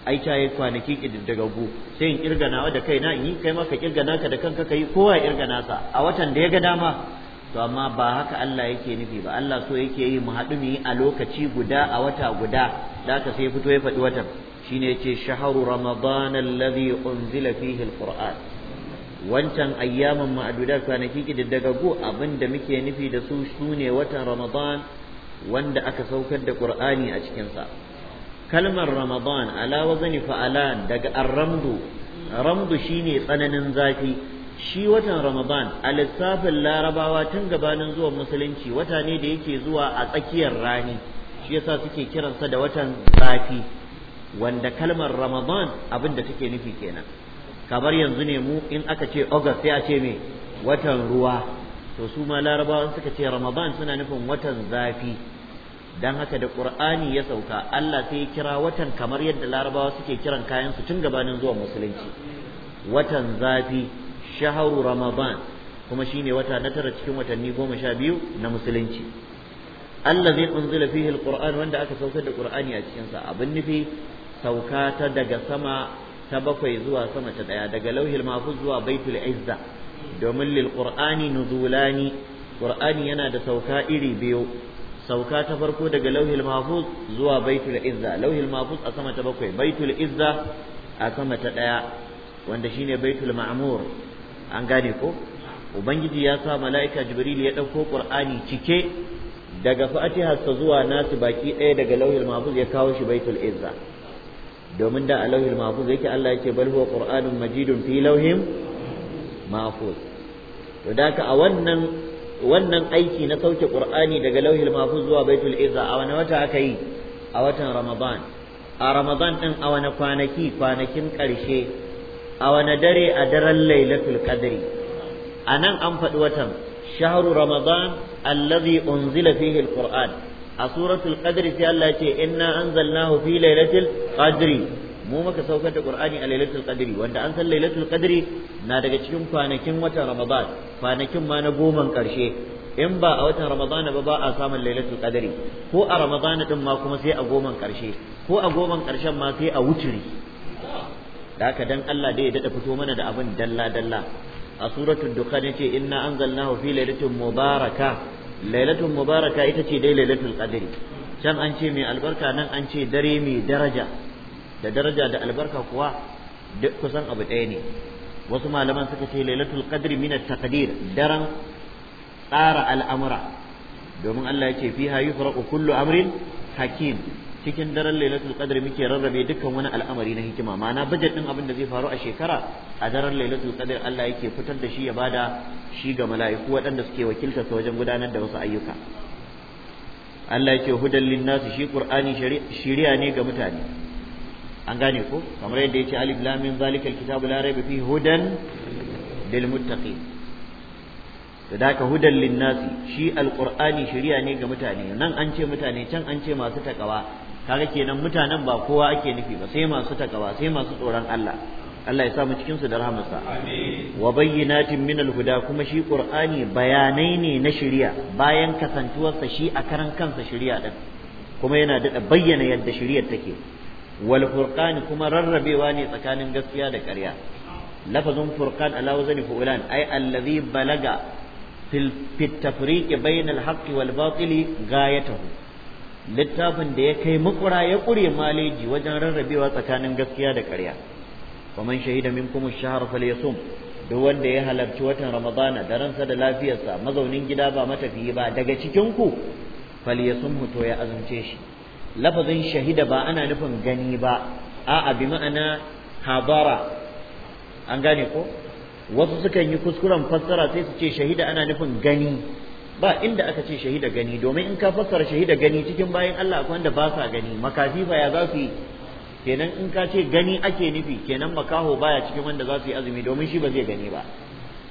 ai ta yi kwanaki kididdigaggu sai in kirganawa da kaina in yi kai ma ka kirgana ka da kanka ka yi kowa ya sa a watan da ya ga dama to amma ba haka Allah yake nufi ba Allah so yake yi mu haɗu mu yi a lokaci guda a wata guda da ka sai fito ya faɗi watan shine yace shahru ramadan alladhi unzila fihi alquran wancan ayyaman ma'adudat kwanaki daga abin da muke nufi da su sune watan ramadan wanda aka saukar da qur'ani a cikinsa kalmar ramadan ala wazani fa'ala daga arramdu ramdu shine tsananin zafi shi watan ramadan a lissafin larabawa tun gabanin zuwan musulunci wata ne da yake zuwa a tsakiyar rani shi yasa suke kiransa da watan zafi wanda kalmar ramadan abinda da take nufi kenan kamar yanzu ne mu in aka ce august sai a ce me watan ruwa to su ma larabawa suka ce ramadan suna nufin watan zafi dan haka da qur'ani ya sauka Allah sai ya kira watan kamar yadda larabawa suke kiran kayan su tun gabanin zuwa musulunci watan zafi shaharu ramadan kuma shine wata na tara cikin watanni goma sha biyu na musulunci Allah allazi unzila fihi alquran wanda aka saukar da qur'ani a cikin sa abin nufi sauka ta daga sama ta bakwai zuwa sama ta ɗaya daga lauhil mahfuz zuwa baitul izza domin lil qur'ani nuzulani qur'ani yana da sauka iri biyu sauka ta farko daga lauhil mahfuz zuwa baitul izza lauhil mahfuz a sama ta bakwai baitul izza a sama ta ɗaya wanda shine baitul ma'mur an gane ko ubangiji ya sa mala'ika jibril ya dauko qur'ani cike daga fatiha zuwa nasu baki ɗaya daga lauhil mahfuz ya kawo shi baitul izza domin da a alauhil mahfuz yake Allah yake bal huwa qur'anun majidun fi lauhin mahfuz to da ka a wannan wannan aiki na sauke qur'ani daga lauhin mahfuz zuwa baitul izza a wani wata aka yi a watan ramadan a ramadan din a wani kwanaki kwanakin karshe a wani dare a daren lailatul qadri nan an faɗi watan shahru ramadan allazi unzila fihi alquran a suratul qadri sai Allah ya ce inna anzalnahu fi lailatul qadri mu muka saukar da qur'ani a lailatul qadri wanda an san lailatul qadri na daga cikin kwanakin watan ramadan kwanakin ma na goman karshe in ba a watan ramadana ba ba a samun lailatul qadri ko a ramadana din ma kuma sai a goman karshe ko a goman karshen ma sai a wuturi da haka dan Allah dai ya dada fito mana da abin dalla dalla a suratul dukhan yace inna anzalnahu fi Lailatul mubaraka lailatul mubaraka ita ce dai lailatul qadri can an ce mai albarka nan an ce dare mai daraja da daraja da albarka kuwa duk kusan abu ɗaya ne wasu malaman suka ce lailatul qadri min at-taqdir daren tsara al'amura domin Allah ya ce fiha yufraqu kullu amrin hakim cikin daren lailatul qadr muke rarrabe dukkan wani al'amari na hikima ma'ana budget din abin da zai faru a shekara a daren lailatul qadr Allah yake fitar da shi ya bada shi ga mala'iku waɗanda suke wakilta sa wajen gudanar da wasu ayyuka Allah yake hudan nasi shi qur'ani shari'a ne ga mutane an gane ko kamar yadda yake alif lam mim zalikal kitabu la raiba fihi hudan lil muttaqin to da ka hudan linnasi shi alqur'ani shari'a ne ga mutane nan an ce mutane can an ce masu takawa kaga kenan mutanen ba kowa ake nufi ba sai masu takawa sai masu tsoron Allah Allah ya sa mu cikin su da rahmarsa wa bayyinatin minal huda kuma shi qur'ani bayanai ne na shari'a bayan kasantuwarsa shi a karan kansa shari'a din kuma yana da bayyana yadda shari'ar take wal furqan kuma rarrabewa ne tsakanin gaskiya da ƙarya lafazin furqan ala wazni fulan ai allazi balaga fil tafriqi bainal haqqi wal batili gayatahu littafin da ya kai makura ya ƙure maleji wajen rarrabewa tsakanin gaskiya da ƙarya faman shahida min kuma shahar falyasum duk wanda ya halarci watan ramadana da ransa da lafiyarsa mazaunin gida ba matafiyi ba daga cikin ku falyasum to ya azumce shi lafazin shahida ba ana nufin gani ba a'a bi ma'ana habara an gane ko wasu sukan yi kuskuren fassara sai su ce shahida ana nufin gani ba inda aka ce shahida gani domin in ka fassara shahida gani cikin bayan Allah akwai wanda ba sa gani makafifa ya za kenan in ka ce gani ake nufi kenan makaho baya cikin wanda za su yi azumi domin shi ba zai gani ba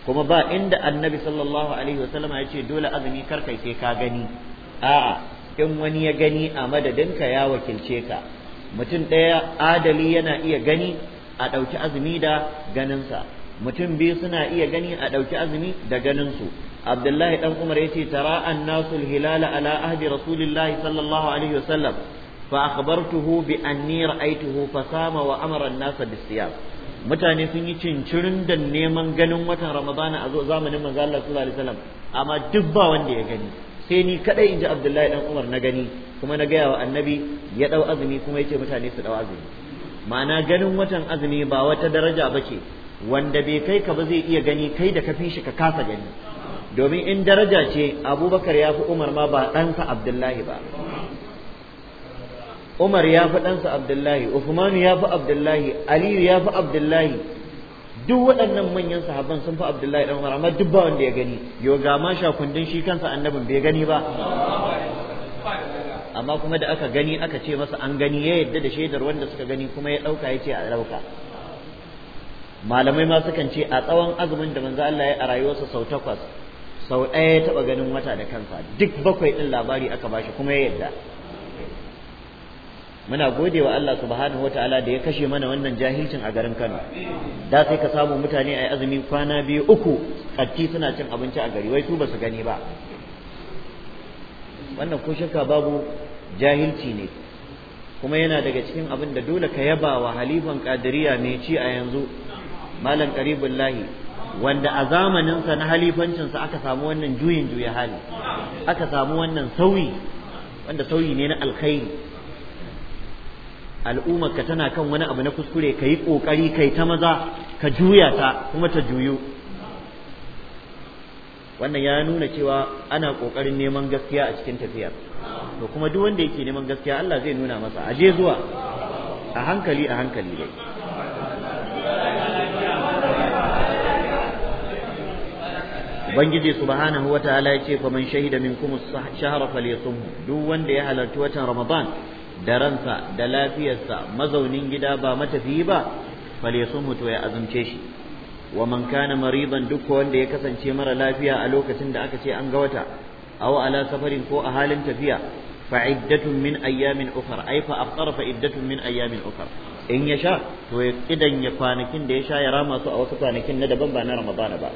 kuma ba inda annabi sallallahu alaihi wasallama ya ce dole azumi kar kai sai ka gani a'a in wani ya gani a madadin ka ya wakilce ka mutum ɗaya adali yana iya gani a ɗauki azumi da ganinsa mutum biyu suna iya gani a ɗauki azumi da ganinsu abdullahi dan umar yace tara annasu hilala ala ahdi rasulillahi sallallahu alaihi wasallam fa akhbartuhu bi anni ra'aytuhu fa sama wa amara nasa nas mutane sun yi cincirin da neman ganin watan ramadana a zamanin manzo Allah sallallahu alaihi wasallam amma duk ba wanda ya gani sai ni kadai inji abdullahi dan umar na gani kuma na gaya wa annabi ya dau azumi kuma yace mutane su dau azumi ma'ana ganin watan azumi ba wata daraja bace wanda bai kai ka ba zai iya gani kai da ka fi shi ka kasa gani domin in daraja ce abubakar ya fi umar ma ba ɗansa abdullahi ba umar ya fi ɗansa abdullahi uthmanu ya fi abdullahi aliyu ya fi abdullahi duk waɗannan manyan sahabban sun fi abdullahi ɗan umar amma duk ba wanda ya gani yau ga ma kundin shi kansa annabin bai gani ba amma kuma da aka gani aka ce masa an gani ya yadda da shaidar wanda suka gani kuma ya ɗauka ya ce a ɗauka malamai ma sukan ce a tsawon azumin da manzo Allah ya a rayuwarsa sau takwas sau ɗaya ya taɓa ganin wata da kansa duk bakwai ɗin labari aka bashi kuma ya yadda muna gode wa Allah subhanahu wataala da ya kashe mana wannan jahilcin a garin Kano da sai ka samu mutane a azumi kwana biyu uku katti suna cin abinci a gari wai su basu gani ba wannan ko shakka babu jahilci ne kuma yana daga cikin abin da dole ka yaba wa halifan kadiriya mai ci a yanzu malam karibullahi wanda a zamaninsa na halifancinsa aka samu wannan juyin juya hali aka samu wannan sauyi wanda sauyi ne na alkhairi al'ummar ka tana kan wani abu na kuskure ka yi ƙoƙari kai ta maza ka juya ta kuma ta juyu wannan ya nuna cewa ana ƙoƙarin neman gaskiya a cikin tafiyar to kuma duk wanda yake neman gaskiya Allah zai nuna masa aje zuwa a hankali a hankali dai ubangiji subhanahu wataala yace man shahida minkum ash-shahra falyasumhu duk wanda ya halarci watan ramadan da ransa da lafiyarsa mazaunin gida ba matafiyi ba falyasumhu to ya azumce shi wa man kana maridan duk wanda ya kasance mara lafiya a lokacin da aka ce an ga wata aw ala safarin ko a halin tafiya fa iddatun min ayyamin ukhra ay fa afṭara fa iddatun min ayyamin ukhra in ya sha to ya kidan ya kwanakin da ya sha ya rama su a wasu kwanakin na daban ba na ramadana ba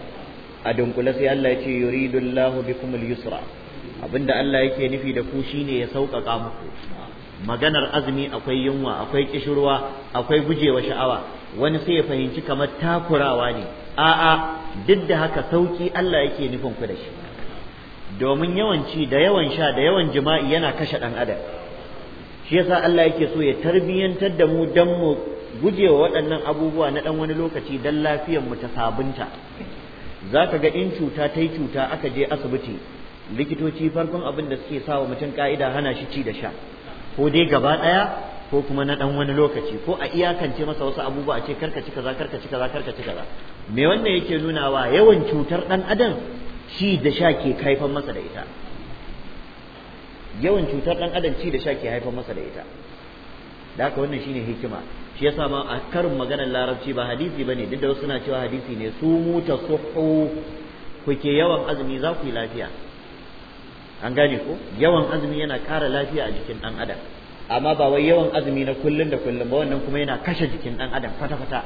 a dunkule sai Allah ya ce yuridullahu bikumul yusra abinda Allah yake nufi da ku shine ya sauƙaƙa muku maganar azumi akwai yunwa akwai kishirwa akwai gujewa sha'awa wani sai ya fahimci kamar takurawa ne a'a duk da haka sauki Allah yake nufin ku da shi domin yawan ci da yawan sha da yawan jima'i yana kashe dan adam shi yasa Allah yake so ya tarbiyantar da mu dan mu gujewa waɗannan abubuwa na ɗan wani lokaci dan lafiyar mu ta sabunta za ka ga in cuta ta yi cuta aka je asibiti likitoci farkon abin da suke sawa mutum ka'ida hana shi ci da sha ko dai gaba ɗaya ko kuma na ɗan wani lokaci ko a iyakance masa wasu abubuwa a ce karka ci kaza karka ci kaza karka ci kaza me wannan yake nuna wa yawan cutar ɗan adam ci da sha ke haifar masa da ita yawan cutar ɗan adam ci da sha ke haifar masa da ita da haka wannan shine hikima shi yasa ma a karin maganar larabci ba hadisi ba ne duk da wasu na cewa hadisi ne su muta suhu kuke yawan azumi za ku yi lafiya an gane ko yawan azumi yana kara lafiya a jikin ɗan adam amma ba wai yawan azumi na kullum da kullum ba wannan kuma yana kashe jikin ɗan adam fata-fata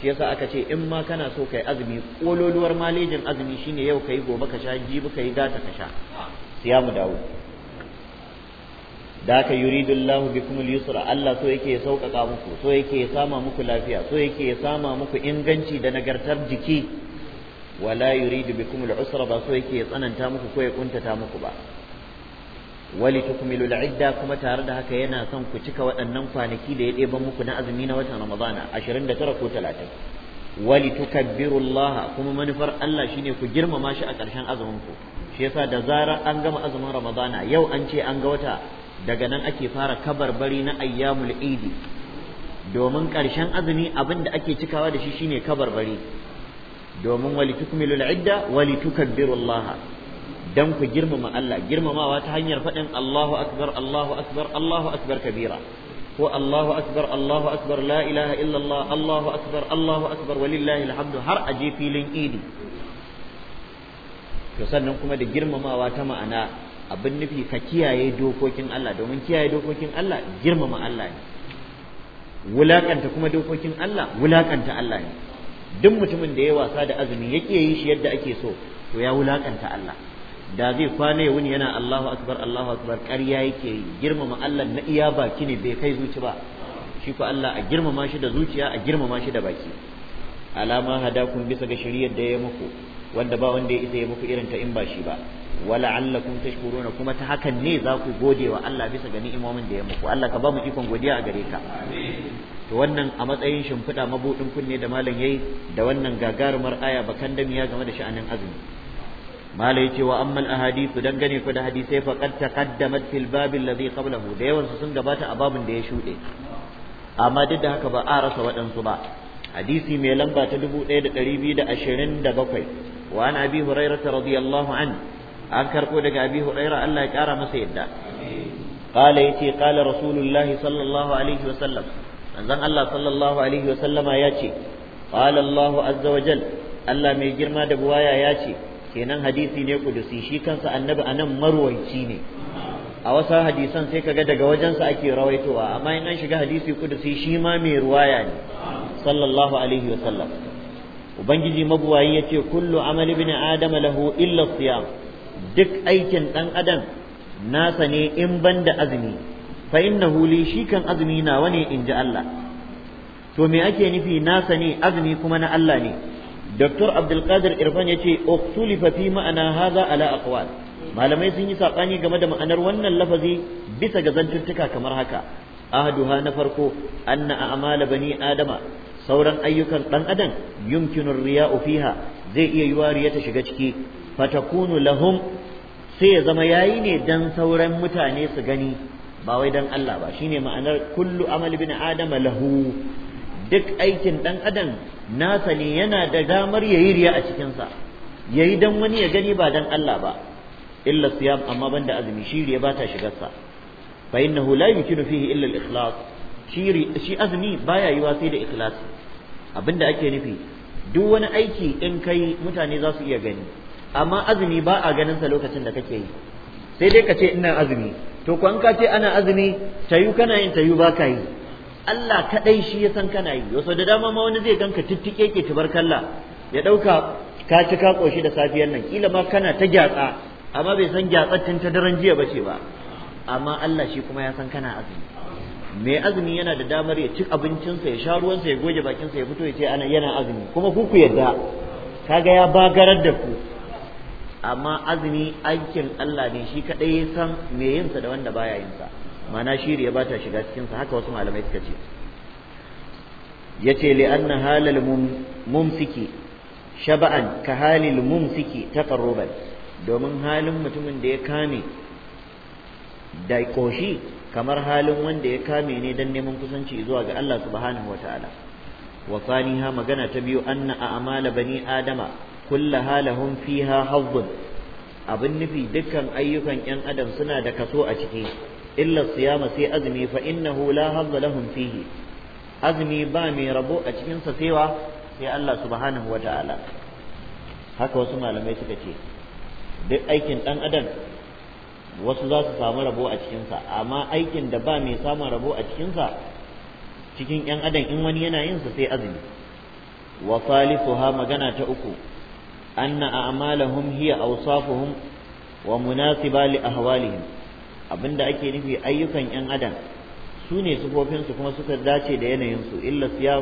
shi yasa aka ce in ma kana so kai azumi kololuwar malejin azumi shine yau kai gobe ka sha jibi kai gata ka sha siyamu dawo da haka yuridu Allah bikum al-yusra Allah so yake ya sauƙaƙa muku so yake ya sama muku lafiya so yake ya sama muku inganci da nagartar jiki wala yuridu bikum al-usra ba so yake ya tsananta muku ko ya kuntata muku ba wali tukmilu al-idda kuma tare da haka yana son ku cika waɗannan kwanaki da ya ɗeba muku na azumi na watan Ramadana 29 ko 30 wali tukabbiru Allah kuma manufar Allah shine ku girmama shi a ƙarshen azumin ku shi yasa da zarar an gama azumin Ramadana yau an ce an ga wata daga nan ake fara kabarbari na ayyamul idi domin ƙarshen azumi abin da ake cikawa da shi shine kabarbari domin wali tukmilul idda wali tukabbirullaha dan ku girmama Allah girmamawa ta hanyar faɗin Allahu akbar Allahu akbar Allahu akbar kabira ko Allahu akbar Allahu akbar la ilaha illa allah Allahu akbar Allahu akbar walillahi alhamdu har aje filin idi to sannan kuma da girmamawa ta ma'ana abin nufi ka kiyaye dokokin Allah domin kiyaye dokokin Allah girmama Allah ne wulakanta kuma dokokin Allah wulakanta Allah ne duk mutumin da ya wasa da azumi ya yi shi yadda ake so to ya wulakanta Allah da zai kwana ya wuni yana Allahu akbar Allahu akbar ƙarya yake yi girmama Allah na iya baki ne bai kai zuci ba shi ko Allah a girmama shi da zuciya a girmama shi da baki alama hadakun bisa ga shari'ar da ya muku wanda ba wanda ya isa ya muku irin ta in ba shi ba ولعلكم تشكرون كما hakan ne za ku gode wa Allah bisa ga ni'imomin da ya muku Allah ka ba mu ikon godiya a gare ka to wannan a matsayin shimfiɗa mabudin kunne da malam yayi da wannan gagarumar aya bakan ya game da sha'anin azumi malai yace wa ammal ahadithu dangane ku da hadisai fa qad taqaddamat fil bab alladhi qablahu da yawan sun gabata a babin da ya shuɗe amma duk da haka ba a rasa waɗansu ba حديثي ميلان بات دبو ايد قريبي دا اشرين دا بقي وعن ابي هريرة رضي الله عنه an karɓo daga abi huraira Allah ya ƙara masa yadda qala yace qala rasulullahi sallallahu alaihi wa sallam manzon Allah sallallahu alaihi wa sallama yace qala Allah azza wa jal Allah mai girma da buwaya yace kenan hadisi ne kudusi shi kansa annabi anan marwaici ne a wasu hadisan sai kaga daga wajensa ake rawaitowa amma in an shiga hadisi kudusi shi ma mai ruwaya ne sallallahu alaihi wa sallam ubangiji mabuwayi yace kullu amali ibn adam lahu illa siyam duk aikin ɗan adam nasa ne in ban da azumi fa huli shi kan azumi nawa ne in ji Allah to me ake nufi nasa ne azumi kuma na Allah ne Dr. Abdulkadir Irfan ya ce uktulifa fi ma'ana haza ala aqwal malamai sun yi saɓani game da ma'anar wannan lafazi bisa ga zantuttuka kamar haka ahaduha na farko anna a'mala bani adama sauran ayyukan ɗan adam yumkinu riya'u fiha zai iya yiwa riya ta shiga ciki fatakunu lahum sai ya zama yayi ne dan sauran mutane su gani ba wai dan Allah ba shine ma'anar kullu amal bin adama lahu duk aikin dan adam nasa ne yana da damar yayi riya a cikin sa yayi dan wani ya gani ba dan Allah ba illa siyam amma banda azumi shi riya ba ta shigar sa fa innahu la yumkinu fihi illa al-ikhlas shi shi azumi baya yiwa sai da ikhlasi abinda ake nufi duk wani aiki in kai mutane za su iya gani amma azumi ba a ganin sa lokacin da kake yi sai dai ka ce ina azumi to ko an ka ce ana azumi tayu kana yin tayu ba ka yi Allah kadai shi ya san kana yi wasu da dama ma wani zai gan ganka tittike ke kalla ya dauka ka ci ka koshi da safiyar nan kila ma kana ta gyatsa amma bai san tun ta daren jiya ba ba amma Allah shi kuma ya san kana azumi mai azumi yana da damar ya ci abincinsa ya sha ruwansa ya goge bakinsa ya fito ya ce ana yana azumi kuma ku ku yadda kaga ya bagarar da ku amma azumi aikin Allah ne shi kadai ya san me yinsa da wanda baya yinsa ma'ana shiri ya bata shiga cikin sa haka wasu malamai suka ce yace li anna halal mumsiki shaba'an ka halil mumsiki taqarruban domin halin mutumin da ya kame da koshi kamar halin wanda ya kame ne don neman kusanci zuwa ga Allah subhanahu wataala wa thaniha magana ta biyu anna a'mala bani adama kullaha lahum fiha hazzun abin nufi dukkan ayyukan yan adam suna da kaso a ciki illa siyama sai azumi fa innahu la hazza lahum fihi azumi ba mai rabo a cikin sa sewa sai Allah subhanahu wata'ala haka wasu malamai suka ce duk aikin dan adam wasu za su samu rabo a cikin sa amma aikin da ba mai samun rabo a cikin sa cikin yan adam in wani yana yin sa sai azumi wa salisuha magana ta uku أن أعمالهم هي أوصافهم ومناسبة لأهوالهم abin da ake nufi ayyukan 'yan adam su ne sufofinsu kuma suka dace da yanayinsu illa siya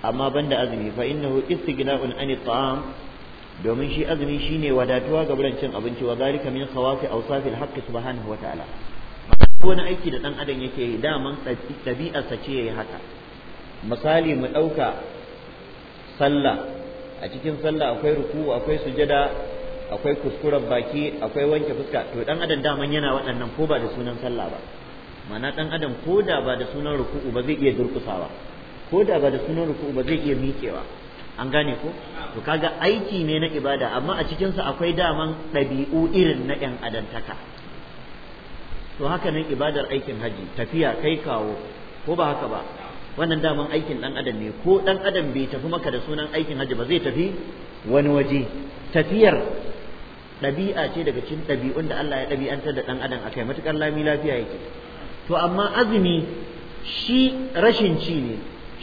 amma da azumi fa innahu istighna'un ani ta'am domin shi azumi shine wadatuwa ga buran cin abinci wa zalika min khawafi awsafil haqq subhanahu wa ta'ala wani aiki da dan adam yake yi daman ɗabi'arsa ce yayi haka misali mu ɗauka sallah a cikin sallah akwai ruku akwai sujada akwai kuskuren baki akwai wanke fuska to dan adam daman yana waɗannan ko ba da sunan sallah ba ma'ana dan adam ko da ba da sunan ruku'u ba zai iya durkusawa ko da ba da sunan ruku'u ba zai iya miƙewa an gane ko to kaga aiki ne na ibada amma a cikin sa akwai daman ɗabi'u irin na yan adantaka to haka nan ibadar aikin haji tafiya kai kawo ko ba haka ba wannan daman aikin dan adam ne ko dan adam bai tafi maka da sunan aikin hajji ba zai tafi wani waje tafiyar ɗabi'a ce daga cikin ɗabi'un da Allah ya ɗabi'antar da ɗan adam akai matukar lami lafiya yake to amma azumi shi rashin ci ne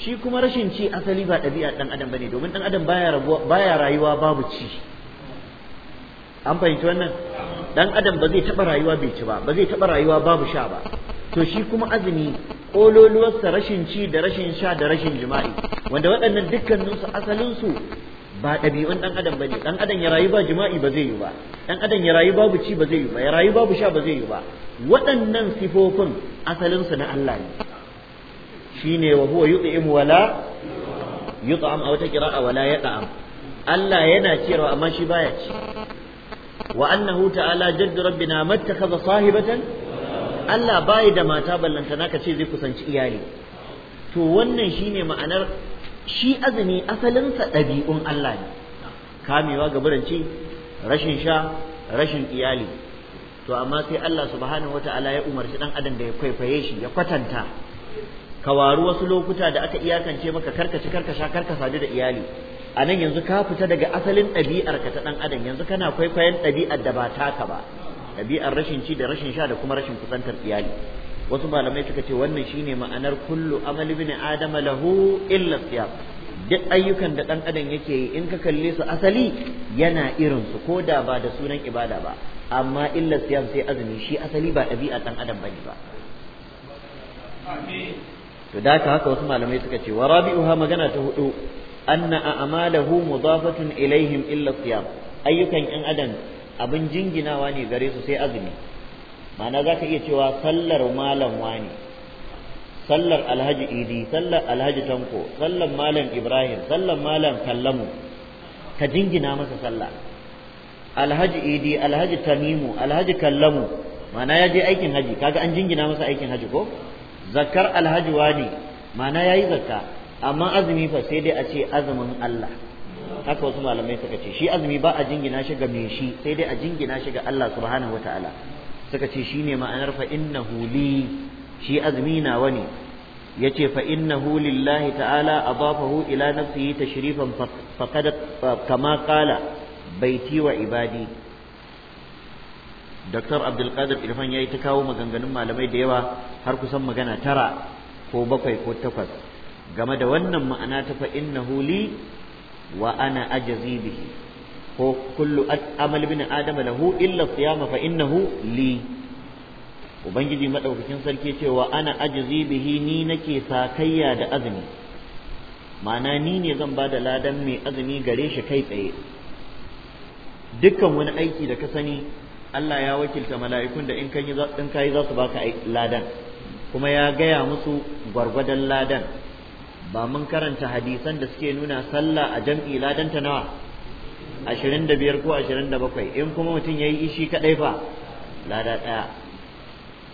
shi kuma rashin ci asali ba ɗabi'a ɗan adam bane domin ɗan adam baya baya rayuwa babu ci an fahimci wannan ɗan adam ba zai taɓa rayuwa bai ci ba ba zai taɓa rayuwa babu sha ba to shi kuma azumi ƙololuwarsa rashin ci da rashin sha da rashin jima'i wanda waɗannan dukkaninsu asalinsu ba ɗabi'un ɗan adam bane ɗan adam ya rayu ba jima'i ba zai yi ba ɗan adam ya rayu babu ci ba zai yi ba ya rayu babu sha ba zai yi ba waɗannan sifofin asalinsu na Allah ne Shi ne wa huwa yut'im wala yut'am a wata qira'a wala yat'am Allah yana ciyarwa amma shi baya ci wa annahu ta'ala jaddu rabbina mattakhadha sahibatan Allah bai da mata ballantana ka ce zai kusanci iyali to wannan shine ma'anar shi azumi asalinsa ɗabi'un Allah ne kamewa ga buranci rashin sha rashin iyali to amma sai Allah subhanahu wata'ala ya umarci dan adam da ya kwaikwaye shi ya kwatanta ka waru wasu lokuta da aka iyakance maka karkaci karkasha karka sadu da iyali a nan yanzu ka fita daga asalin ɗabi'ar ta ɗan adam yanzu kana kwaikwayon ɗabi'ar da ba taka ba ɗabi'ar rashin ci da rashin sha da kuma rashin kusantar iyali wasu malamai suka ce wannan shine ma'anar kullu amali bin adama lahu illa siyam duk ayyukan da ɗan adam yake yi in ka kalle su asali yana irin su ko da ba da sunan ibada ba amma illa siyam sai azumi shi asali ba ɗabi'a ɗan adam bane ba to da haka wasu malamai suka ce wa rabi'uha magana ta hudu anna a'malahu mudafatun ilaihim illa siyam ayyukan ɗan adam abin jinginawa ne gare su sai azumi ma'ana za ka iya cewa sallar malam wani sallar alhaji idi sallar alhaji tanko sallar malam ibrahim sallar malam kallamu ka jingina masa sallah alhaji idi alhaji tamimu alhaji kallamu ma'ana ya je aikin haji kaga an jingina masa aikin haji ko zakkar alhaji wani ma'ana ya yi zakka amma azumi fa sai dai a ce azumin Allah haka wasu malamai suka ce shi azumi ba a jingina shi ga me shi sai dai a jingina shi ga Allah subhanahu wataala suka ce shine ma'anar fa innahu li shi azumi na wani yace fa innahu lillahi ta'ala adafahu ila nafsihi tashrifan faqad kama qala baiti wa ibadi Dr. Abdulkadir Irfan ya yi ta kawo maganganun malamai da yawa har kusan magana tara ko bakwai ko takwas game da wannan ma'ana ta fa innahu li wa ana ajzi bihi ko kullu amal bin adama lahu illa siyama fa innahu li ubangiji madaukakin sarki cewa ana ajzi bihi ni nake sakayya da azumi ma'ana ni ne zan ba da ladan mai azumi gare shi kai tsaye dukkan wani aiki da ka sani Allah ya wakilta mala'ikun da in kai in za su baka ladan kuma ya gaya musu gwargwadon ladan ba mun karanta hadisan da suke nuna sallah a jam'i ladanta nawa 25 ko 27? in kuma mutum yayi yi ishi kadai fa lada ɗaya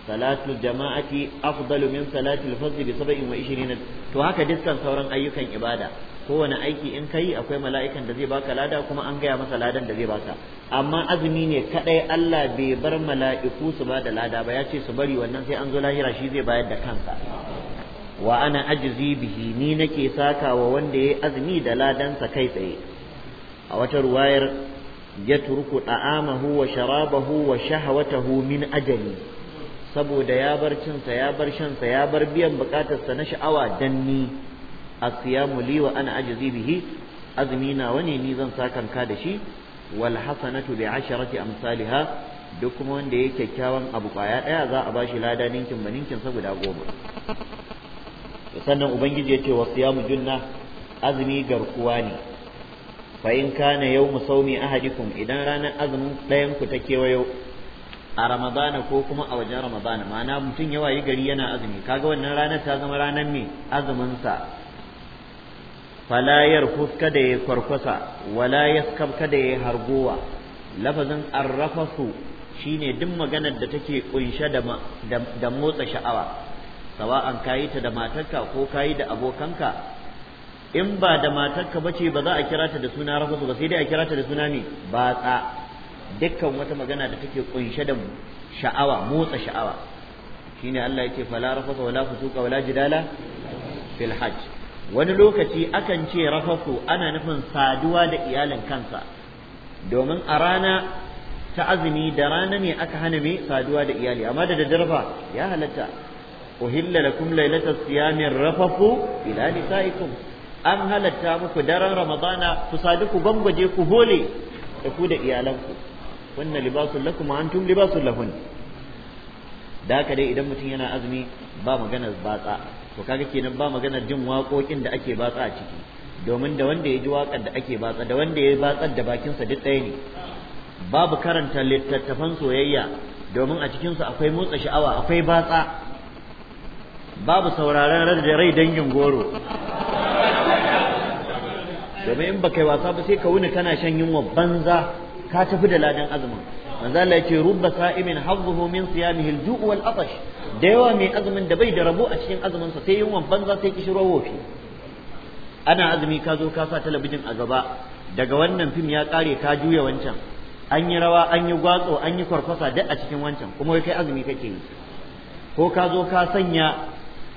salatu jama'ati afdalu min salati al-fajr bi 27 to haka dukkan sauran ayyukan ibada kowane aiki in kai akwai mala'ikan da zai baka lada kuma an gaya masa ladan da zai baka amma azumi ne kadai Allah bai bar mala'iku su ba da lada ba ya ce su bari wannan sai an zo lahira shi zai bayar da kansa wa ana ajzi bihi ni nake saka wa wanda yayi azumi da ladansa kai tsaye a wata ruwayar yatruku da'amahu wa sharabahu wa shahawatahu min ajali saboda ya bar cinsa ya bar shansa ya bar biyan bukatarsa na sha'awa dan ni asiyamu li wa ana ajzi bihi azumi na wani ni zan sakanka da shi wal hasanatu bi asharati amsalha duk kuma wanda yake kyakkyawan abu kwaya daya za a bashi lada ninkin ba ninkin saboda goma sannan ubangiji ya ce wa siyamu junna azumi garkuwa ne fa in kana yawmu sawmi ahadikum idan ranar azumin ɗayan ku ta kewayo a ramadana ko kuma a wajen ramadana ma'ana mutum yawa yi gari yana azumi kaga wannan ranar ta zama ranar me azumin sa fala yarfus kada ya kwarkwasa wala yaskab kada ya hargowa lafazin arrafasu shine duk maganar da take kunshe da motsa sha'awa sawa'an kayi ta da matarka ko kayi da abokanka in ba da matarka bace ba za a kira ta da suna rahoto ba sai dai a kira ta da suna ne batsa dukkan wata magana da take kunshe da sha'awa motsa sha'awa shine Allah yake fala rafasa wala fusuka wala jidala fil hajj wani lokaci akan ce rafasu ana nufin saduwa da iyalin kansa domin a rana ta azumi da rana ne aka hana me saduwa da iyali amma da daddarfa ya halatta uhilla lakum lailata siyamin rafafu ila nisaikum an halatta muku daren ramadana ku sadu ku gwangwaje ku hole da ku da iyalanku wannan libasun lakum wa antum libasun lahun da haka dai idan mutum yana azumi ba maganar batsa to kaga kenan ba maganar jin waƙoƙin da ake batsa a ciki domin da wanda ya ji waƙar da ake batsa da wanda ya batsar da bakinsa duk ɗaya ne babu karanta littattafan soyayya domin a cikinsu akwai motsa sha'awa akwai batsa babu sauraron rai dangin goro domin in baka yi wasa ba sai ka wuni kana shan yunwa banza ka tafi da ladan azumin manzo Allah yace rubba sa'imin hazzuhu min siyamihi al-ju' wal atash da yawa mai azumin da bai da rabo a cikin azumin sa sai yunwa banza sai kishiro wofi ana azumi ka zo ka sa talabijin a gaba daga wannan fim ya kare ka juya wancan an yi rawa an yi gwatso an yi kwarkwasa duk a cikin wancan kuma kai azumi kake yi ko ka zo ka sanya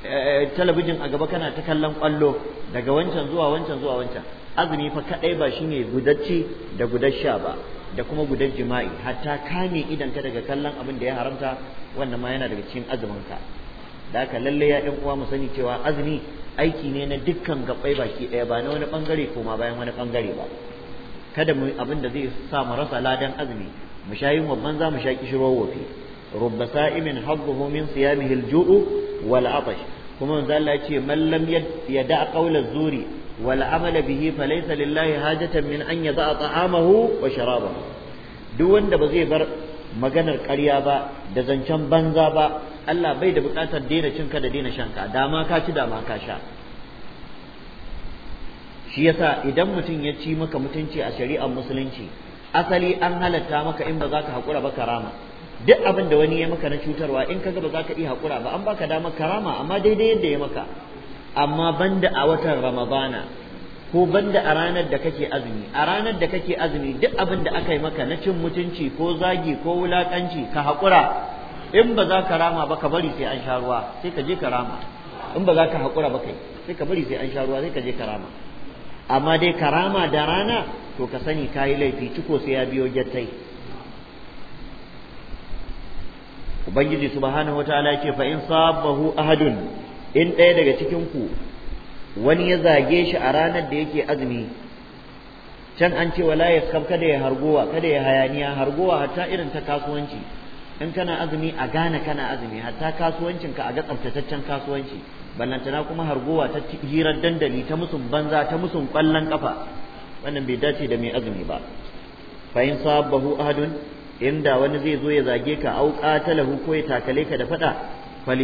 Eh, talabijin a gaba kana ta kallon kwallo daga wancan zuwa wancan zuwa wancan azumi fa kadai ba shine gudacci da gudasha ba da kuma gudar jima'i hatta kame idan ka daga kallon abin da ya haramta wannan ma yana daga cikin azumin ka da haka lalle ya ɗan uwa mu sani cewa azumi aiki ne na dukkan gabbai baki ɗaya ba na wani bangare ko ma bayan wani bangare ba kada mu abin da zai sa mu rasa ladan azumi mu sha yin wabban za mu sha kishiro wofi rubba sa'imin hadduhu min siyamihi al-ju'u wal atash kuma manzo Mallam ya ce man lam zuri wal amala bihi falaysa lillahi hajatan min an yada ta'amahu wa sharabahu duk wanda ba zai bar maganar karya ba da zancen banza ba Allah bai da buƙatar daina cinka da daina shanka dama ka ci dama ka sha shi yasa idan mutum ya ci maka mutunci a shari'ar musulunci asali an halatta maka in ba za ka haƙura ba karama duk abin da wani ya maka na cutarwa in kaga ba za ka iya haƙura ba an baka damar karama amma daidai yadda ya maka amma banda a watan ramadana ko banda a ranar da kake azumi a ranar da kake azumi duk abin da aka yi maka na cin mutunci ko zagi ko wulaƙanci ka haƙura in ba za ka rama ba ka bari sai an sha ruwa sai ka je ka rama in ba za ka haƙura ba kai sai ka bari sai an sha ruwa sai ka je ka rama amma dai karama da rana to ka sani ka yi laifi ciko sai ya biyo gyattai ubangiji subhanahu wataala ce fa in sabahu ahadun in ɗaya daga cikin ku wani ya zage shi a ranar da yake azumi can an ce wala ya kada ya hargowa kada ya hayaniya hargowa hatta irin ta kasuwanci in kana azumi a gane kana azumi hatta ka a ga tsaftataccen kasuwanci ballantana kuma hargowa ta hirar dandali ta musun banza ta musun kwallon kafa wannan bai dace da mai azumi ba fa in sabahu ahadun inda wani zai zo ya zage ka au qatalahu ko ya takale ka da fada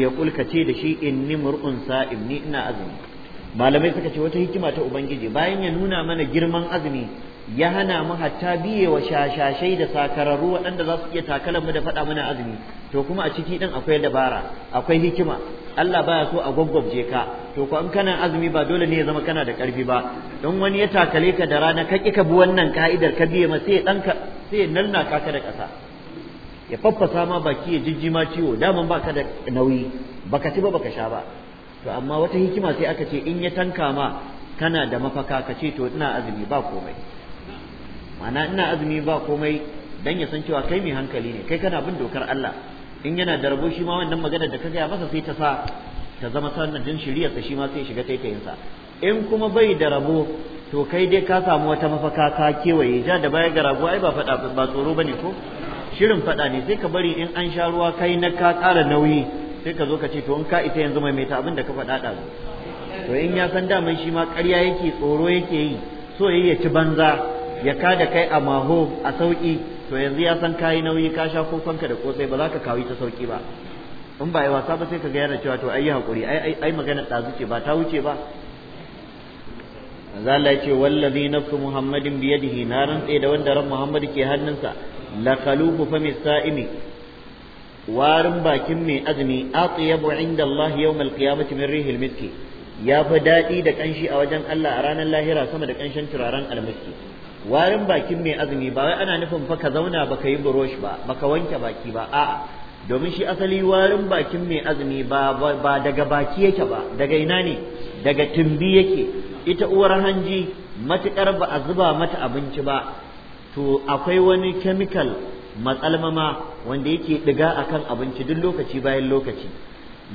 yaqul ka ce da shi inni mur'un sa'im ni ina azumi malamai suka ce wata hikima ta ubangiji bayan ya nuna mana girman azumi ya hana mu hatta biye wa shashashai da sakararru waɗanda za su iya takalar mu da faɗa mana azumi to kuma a ciki ɗin akwai dabara akwai hikima Allah baya so a gwaggwabje ka to ko in kana azumi ba dole ne ya zama kana da karfi ba don wani ya takale ka da rana ka ka bi wannan ka'idar ka biye ma sai dan ka sai nanna ka ka da kasa ya faffasa ma baki ya jijjima ciwo daman baka da nauyi baka ci ba baka sha ba to amma wata hikima sai aka ce in ya tanka ma kana da mafaka ka ce to ina azumi ba komai ma'ana ina azumi ba komai dan ya san cewa kai mai hankali ne kai kana bin dokar Allah in yana da rabo shi ma wannan magana da ka gaya masa sai ta sa ta zama sanadin ta shi ma sai shiga sa in kuma bai da rabo to kai dai ka samu wata mafaka ka kewaye ja da baya ga rago ai ba tsoro ba tsoro bane ko shirin faɗa ne sai ka bari in an sha ruwa kai na ka ƙara nauyi sai ka zo ka ce to in ka ita yanzu mai mai ta abin da ka da ba to in ya san daman shi ma ƙarya yake tsoro yake yi so yayi ya ci banza ya kada kai a maho a sauki. to yanzu ya san kayi nauyi ka sha kofanka da kosai ba za ka kawo ta sauki ba in ba yi wasa sai ka ga yana cewa to ai hakuri ai ai magana ɗazu ce ba ta wuce ba manzo Allah yace wallazi nafsu muhammadin bi yadihi naran rantse da wanda ran muhammad ke hannunsa la khalufu fami sa'imi warin bakin mai azumi atyabu inda Allah yawm alqiyamati min rihil miski ya fi daɗi da ƙanshi a wajen Allah a ranar lahira sama da ƙanshin turaren almiski warin bakin mai azumi ba wai ana nufin fa ka zauna baka yi brush ba baka wanke baki ba a'a domin shi asali warin bakin mai azumi ba ba daga baki yake ba daga ina ne daga tumbi yake ita uwar hanji matukar ba a zuba mata abinci ba to akwai wani chemical matsalmama wanda yake diga akan abinci duk lokaci bayan lokaci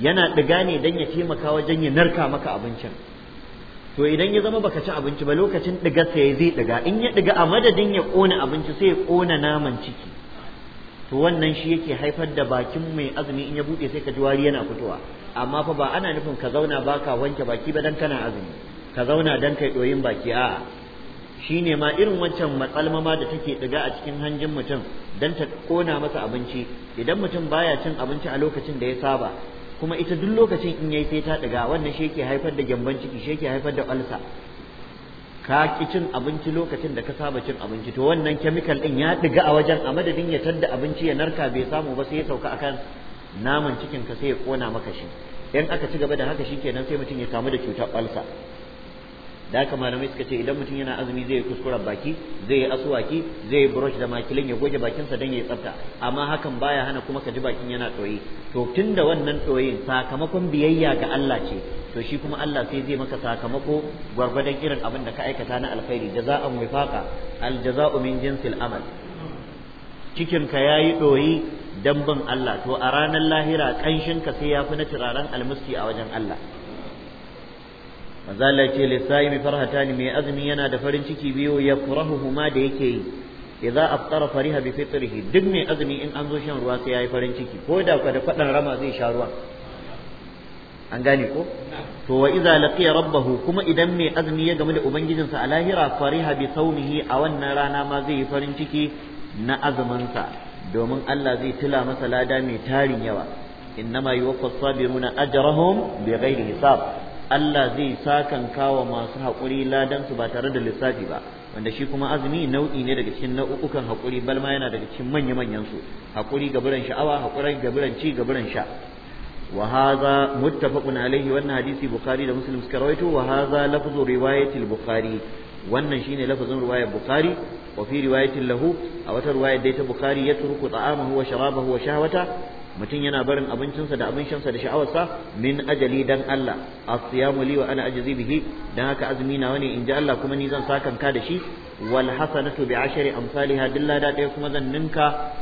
yana diga ne dan ya taimaka wajen ya narka maka abincin to idan ya zama baka ci abinci ba lokacin ɗigarsa sai zai ɗiga in ya ɗiga a madadin ya kona abinci sai ya kona naman ciki to wannan shi yake haifar da bakin mai azumi in ya buɗe sai ka ji wari yana fitowa amma fa ba ana nufin ka zauna baka wanke baki ba dan kana azumi ka zauna dan kai doyin baki a'a shine ma irin wancan matsalmama da take ɗiga a cikin hanjin mutum don ta ƙona masa abinci idan mutum baya cin abinci a lokacin da ya saba kuma ita duk lokacin in yayi sai ta ɗiga wannan shi yake haifar da gyamban ciki shi yake haifar da alsa ka ki cin abinci lokacin da ka saba cin abinci to wannan chemical din ya ɗiga a wajen a madadin ya tadda abinci ya narka bai samu ba sai ya sauka akan naman cikin ka sai ya kona maka shi in aka ci gaba da haka shikenan sai mutum ya samu da cutar alsa da haka malamai suka ce idan mutum yana azumi zai kuskura baki zai asuwaki zai brush da makilin ya goge bakinsa don ya tsafta amma hakan baya hana kuma ka ji bakin yana tsoye to tun da wannan tsoyin sakamakon biyayya ga Allah ce to shi kuma Allah sai zai maka sakamako gwargwadon irin abin da ka aikata na alkhairi jaza'an wifaqa aljaza'u min jinsil amal cikin ka yayi doyi dan bin Allah to a ranar lahira kanshin ka sai yafi na turaren almusti a wajen Allah mazala ce lissaimi farhatani mai azumi yana da farin ciki biyu ya furahuhuma da yake yi idza aftara fariha bi fitrihi duk mai azumi in an zo shan ruwa sai yayi farin ciki ko da ka da fadan rama zai sha ruwa an gane ko to wa idza laqiya rabbahu kuma idan mai azumi ya gamu da ubangijinsa a lahira fariha bi saumihi a wannan rana ma zai yi farin ciki na azumin sa domin Allah zai tila masa lada mai tarin yawa innama yuwaffa sabiruna ajrahum bighairi hisab Allah zai sakan kawo masu haƙuri ladan su ba tare da lissafi ba wanda shi kuma azumi nau'i ne daga cikin nau'ukan haƙuri balma yana daga cikin manya manyan su haƙuri gaburan sha'awa haƙuri gaburan ci gaburan sha wa hadha muttafaqun alaihi wannan hadisi bukhari da muslim suka rawaito wa hadha lafzu riwayatil bukhari wannan shine lafazin riwayar bukhari wa fi riwayatin lahu a wata riwayar dai ta bukhari yatruku ta'amahu wa sharabahu wa shahwata mutum yana barin abincinsa da abin shansa da sha'awarsa min ajali dan Allah as-siyamu li wa ana ajzi bihi dan haka azumi nawa ne in ji Allah kuma ni zan sakan kanka da shi wal hasanatu bi ashri amsalha dilla da ɗaya kuma zan ninka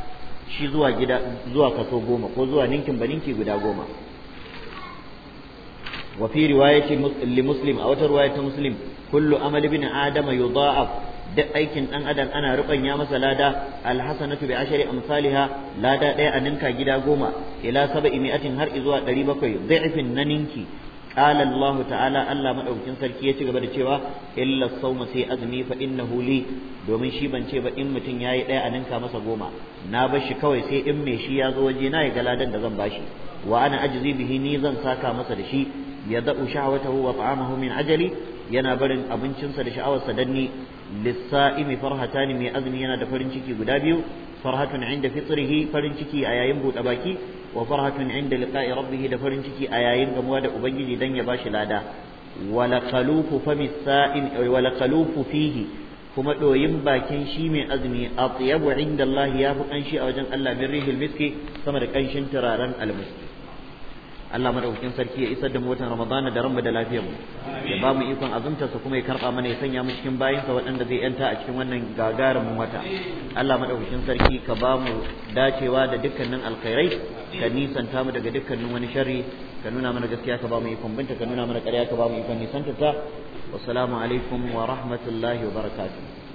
shi zuwa gida zuwa kaso goma ko zuwa ninkin baninki guda goma wa fi riwayati li muslim a wata riwaya ta muslim kullu amal bin adama yudha'af duk aikin dan adam ana rubanya masa lada alhasanatu bi ashri amsalha lada ɗaya a ninka gida goma ila sab'i atin har ɗari bakwai zai dha'ifin na ninki qala lahu ta'ala Allah maɗaukin sarki ya ci gaba da cewa illa mu sai azumi fa innahu huli domin shi ban ce ba in mutum ya yi ɗaya a ninka masa goma na bashi kawai sai in me shi ya zo waje na ya ga ladan da zan bashi wa ana ajzi bihi ni zan saka masa da shi ya da'u shahwatahu wa ta'amahu min ajali yana barin abincinsa da sha'awarsa danni lissa'imi farhatani mai azumi yana da farin ciki guda biyu farhatun inda fitrihi farin ciki a yayin buɗe baki wa farhatun inda liqa'i rabbih da farin ciki a yayin gamuwa da ubangiji dan ya ba shi lada wala qalufu fami sa'im wala qalufu kuma ɗoyin bakin shi mai azumi atyabu inda Allah ya fi kanshi a wajen Allah min rihil sama da kanshin turaren almiski Allah madaukakin sarki ya isar da mu watan Ramadana da ranmu da lafiyar mu ya ba mu ikon azumta su kuma ya karba mana ya sanya mu cikin bayin sa waɗanda zai yanta a cikin wannan gagarumin wata Allah madaukakin sarki ka ba mu dacewa da dukkanin alkhairai ka nisanta mu daga dukkanin wani sharri ka nuna mana gaskiya ka ba mu ikon binta ka nuna mana ƙarya ka ba mu ikon nisanta ta wassalamu alaikum wa rahmatullahi wa barakatuh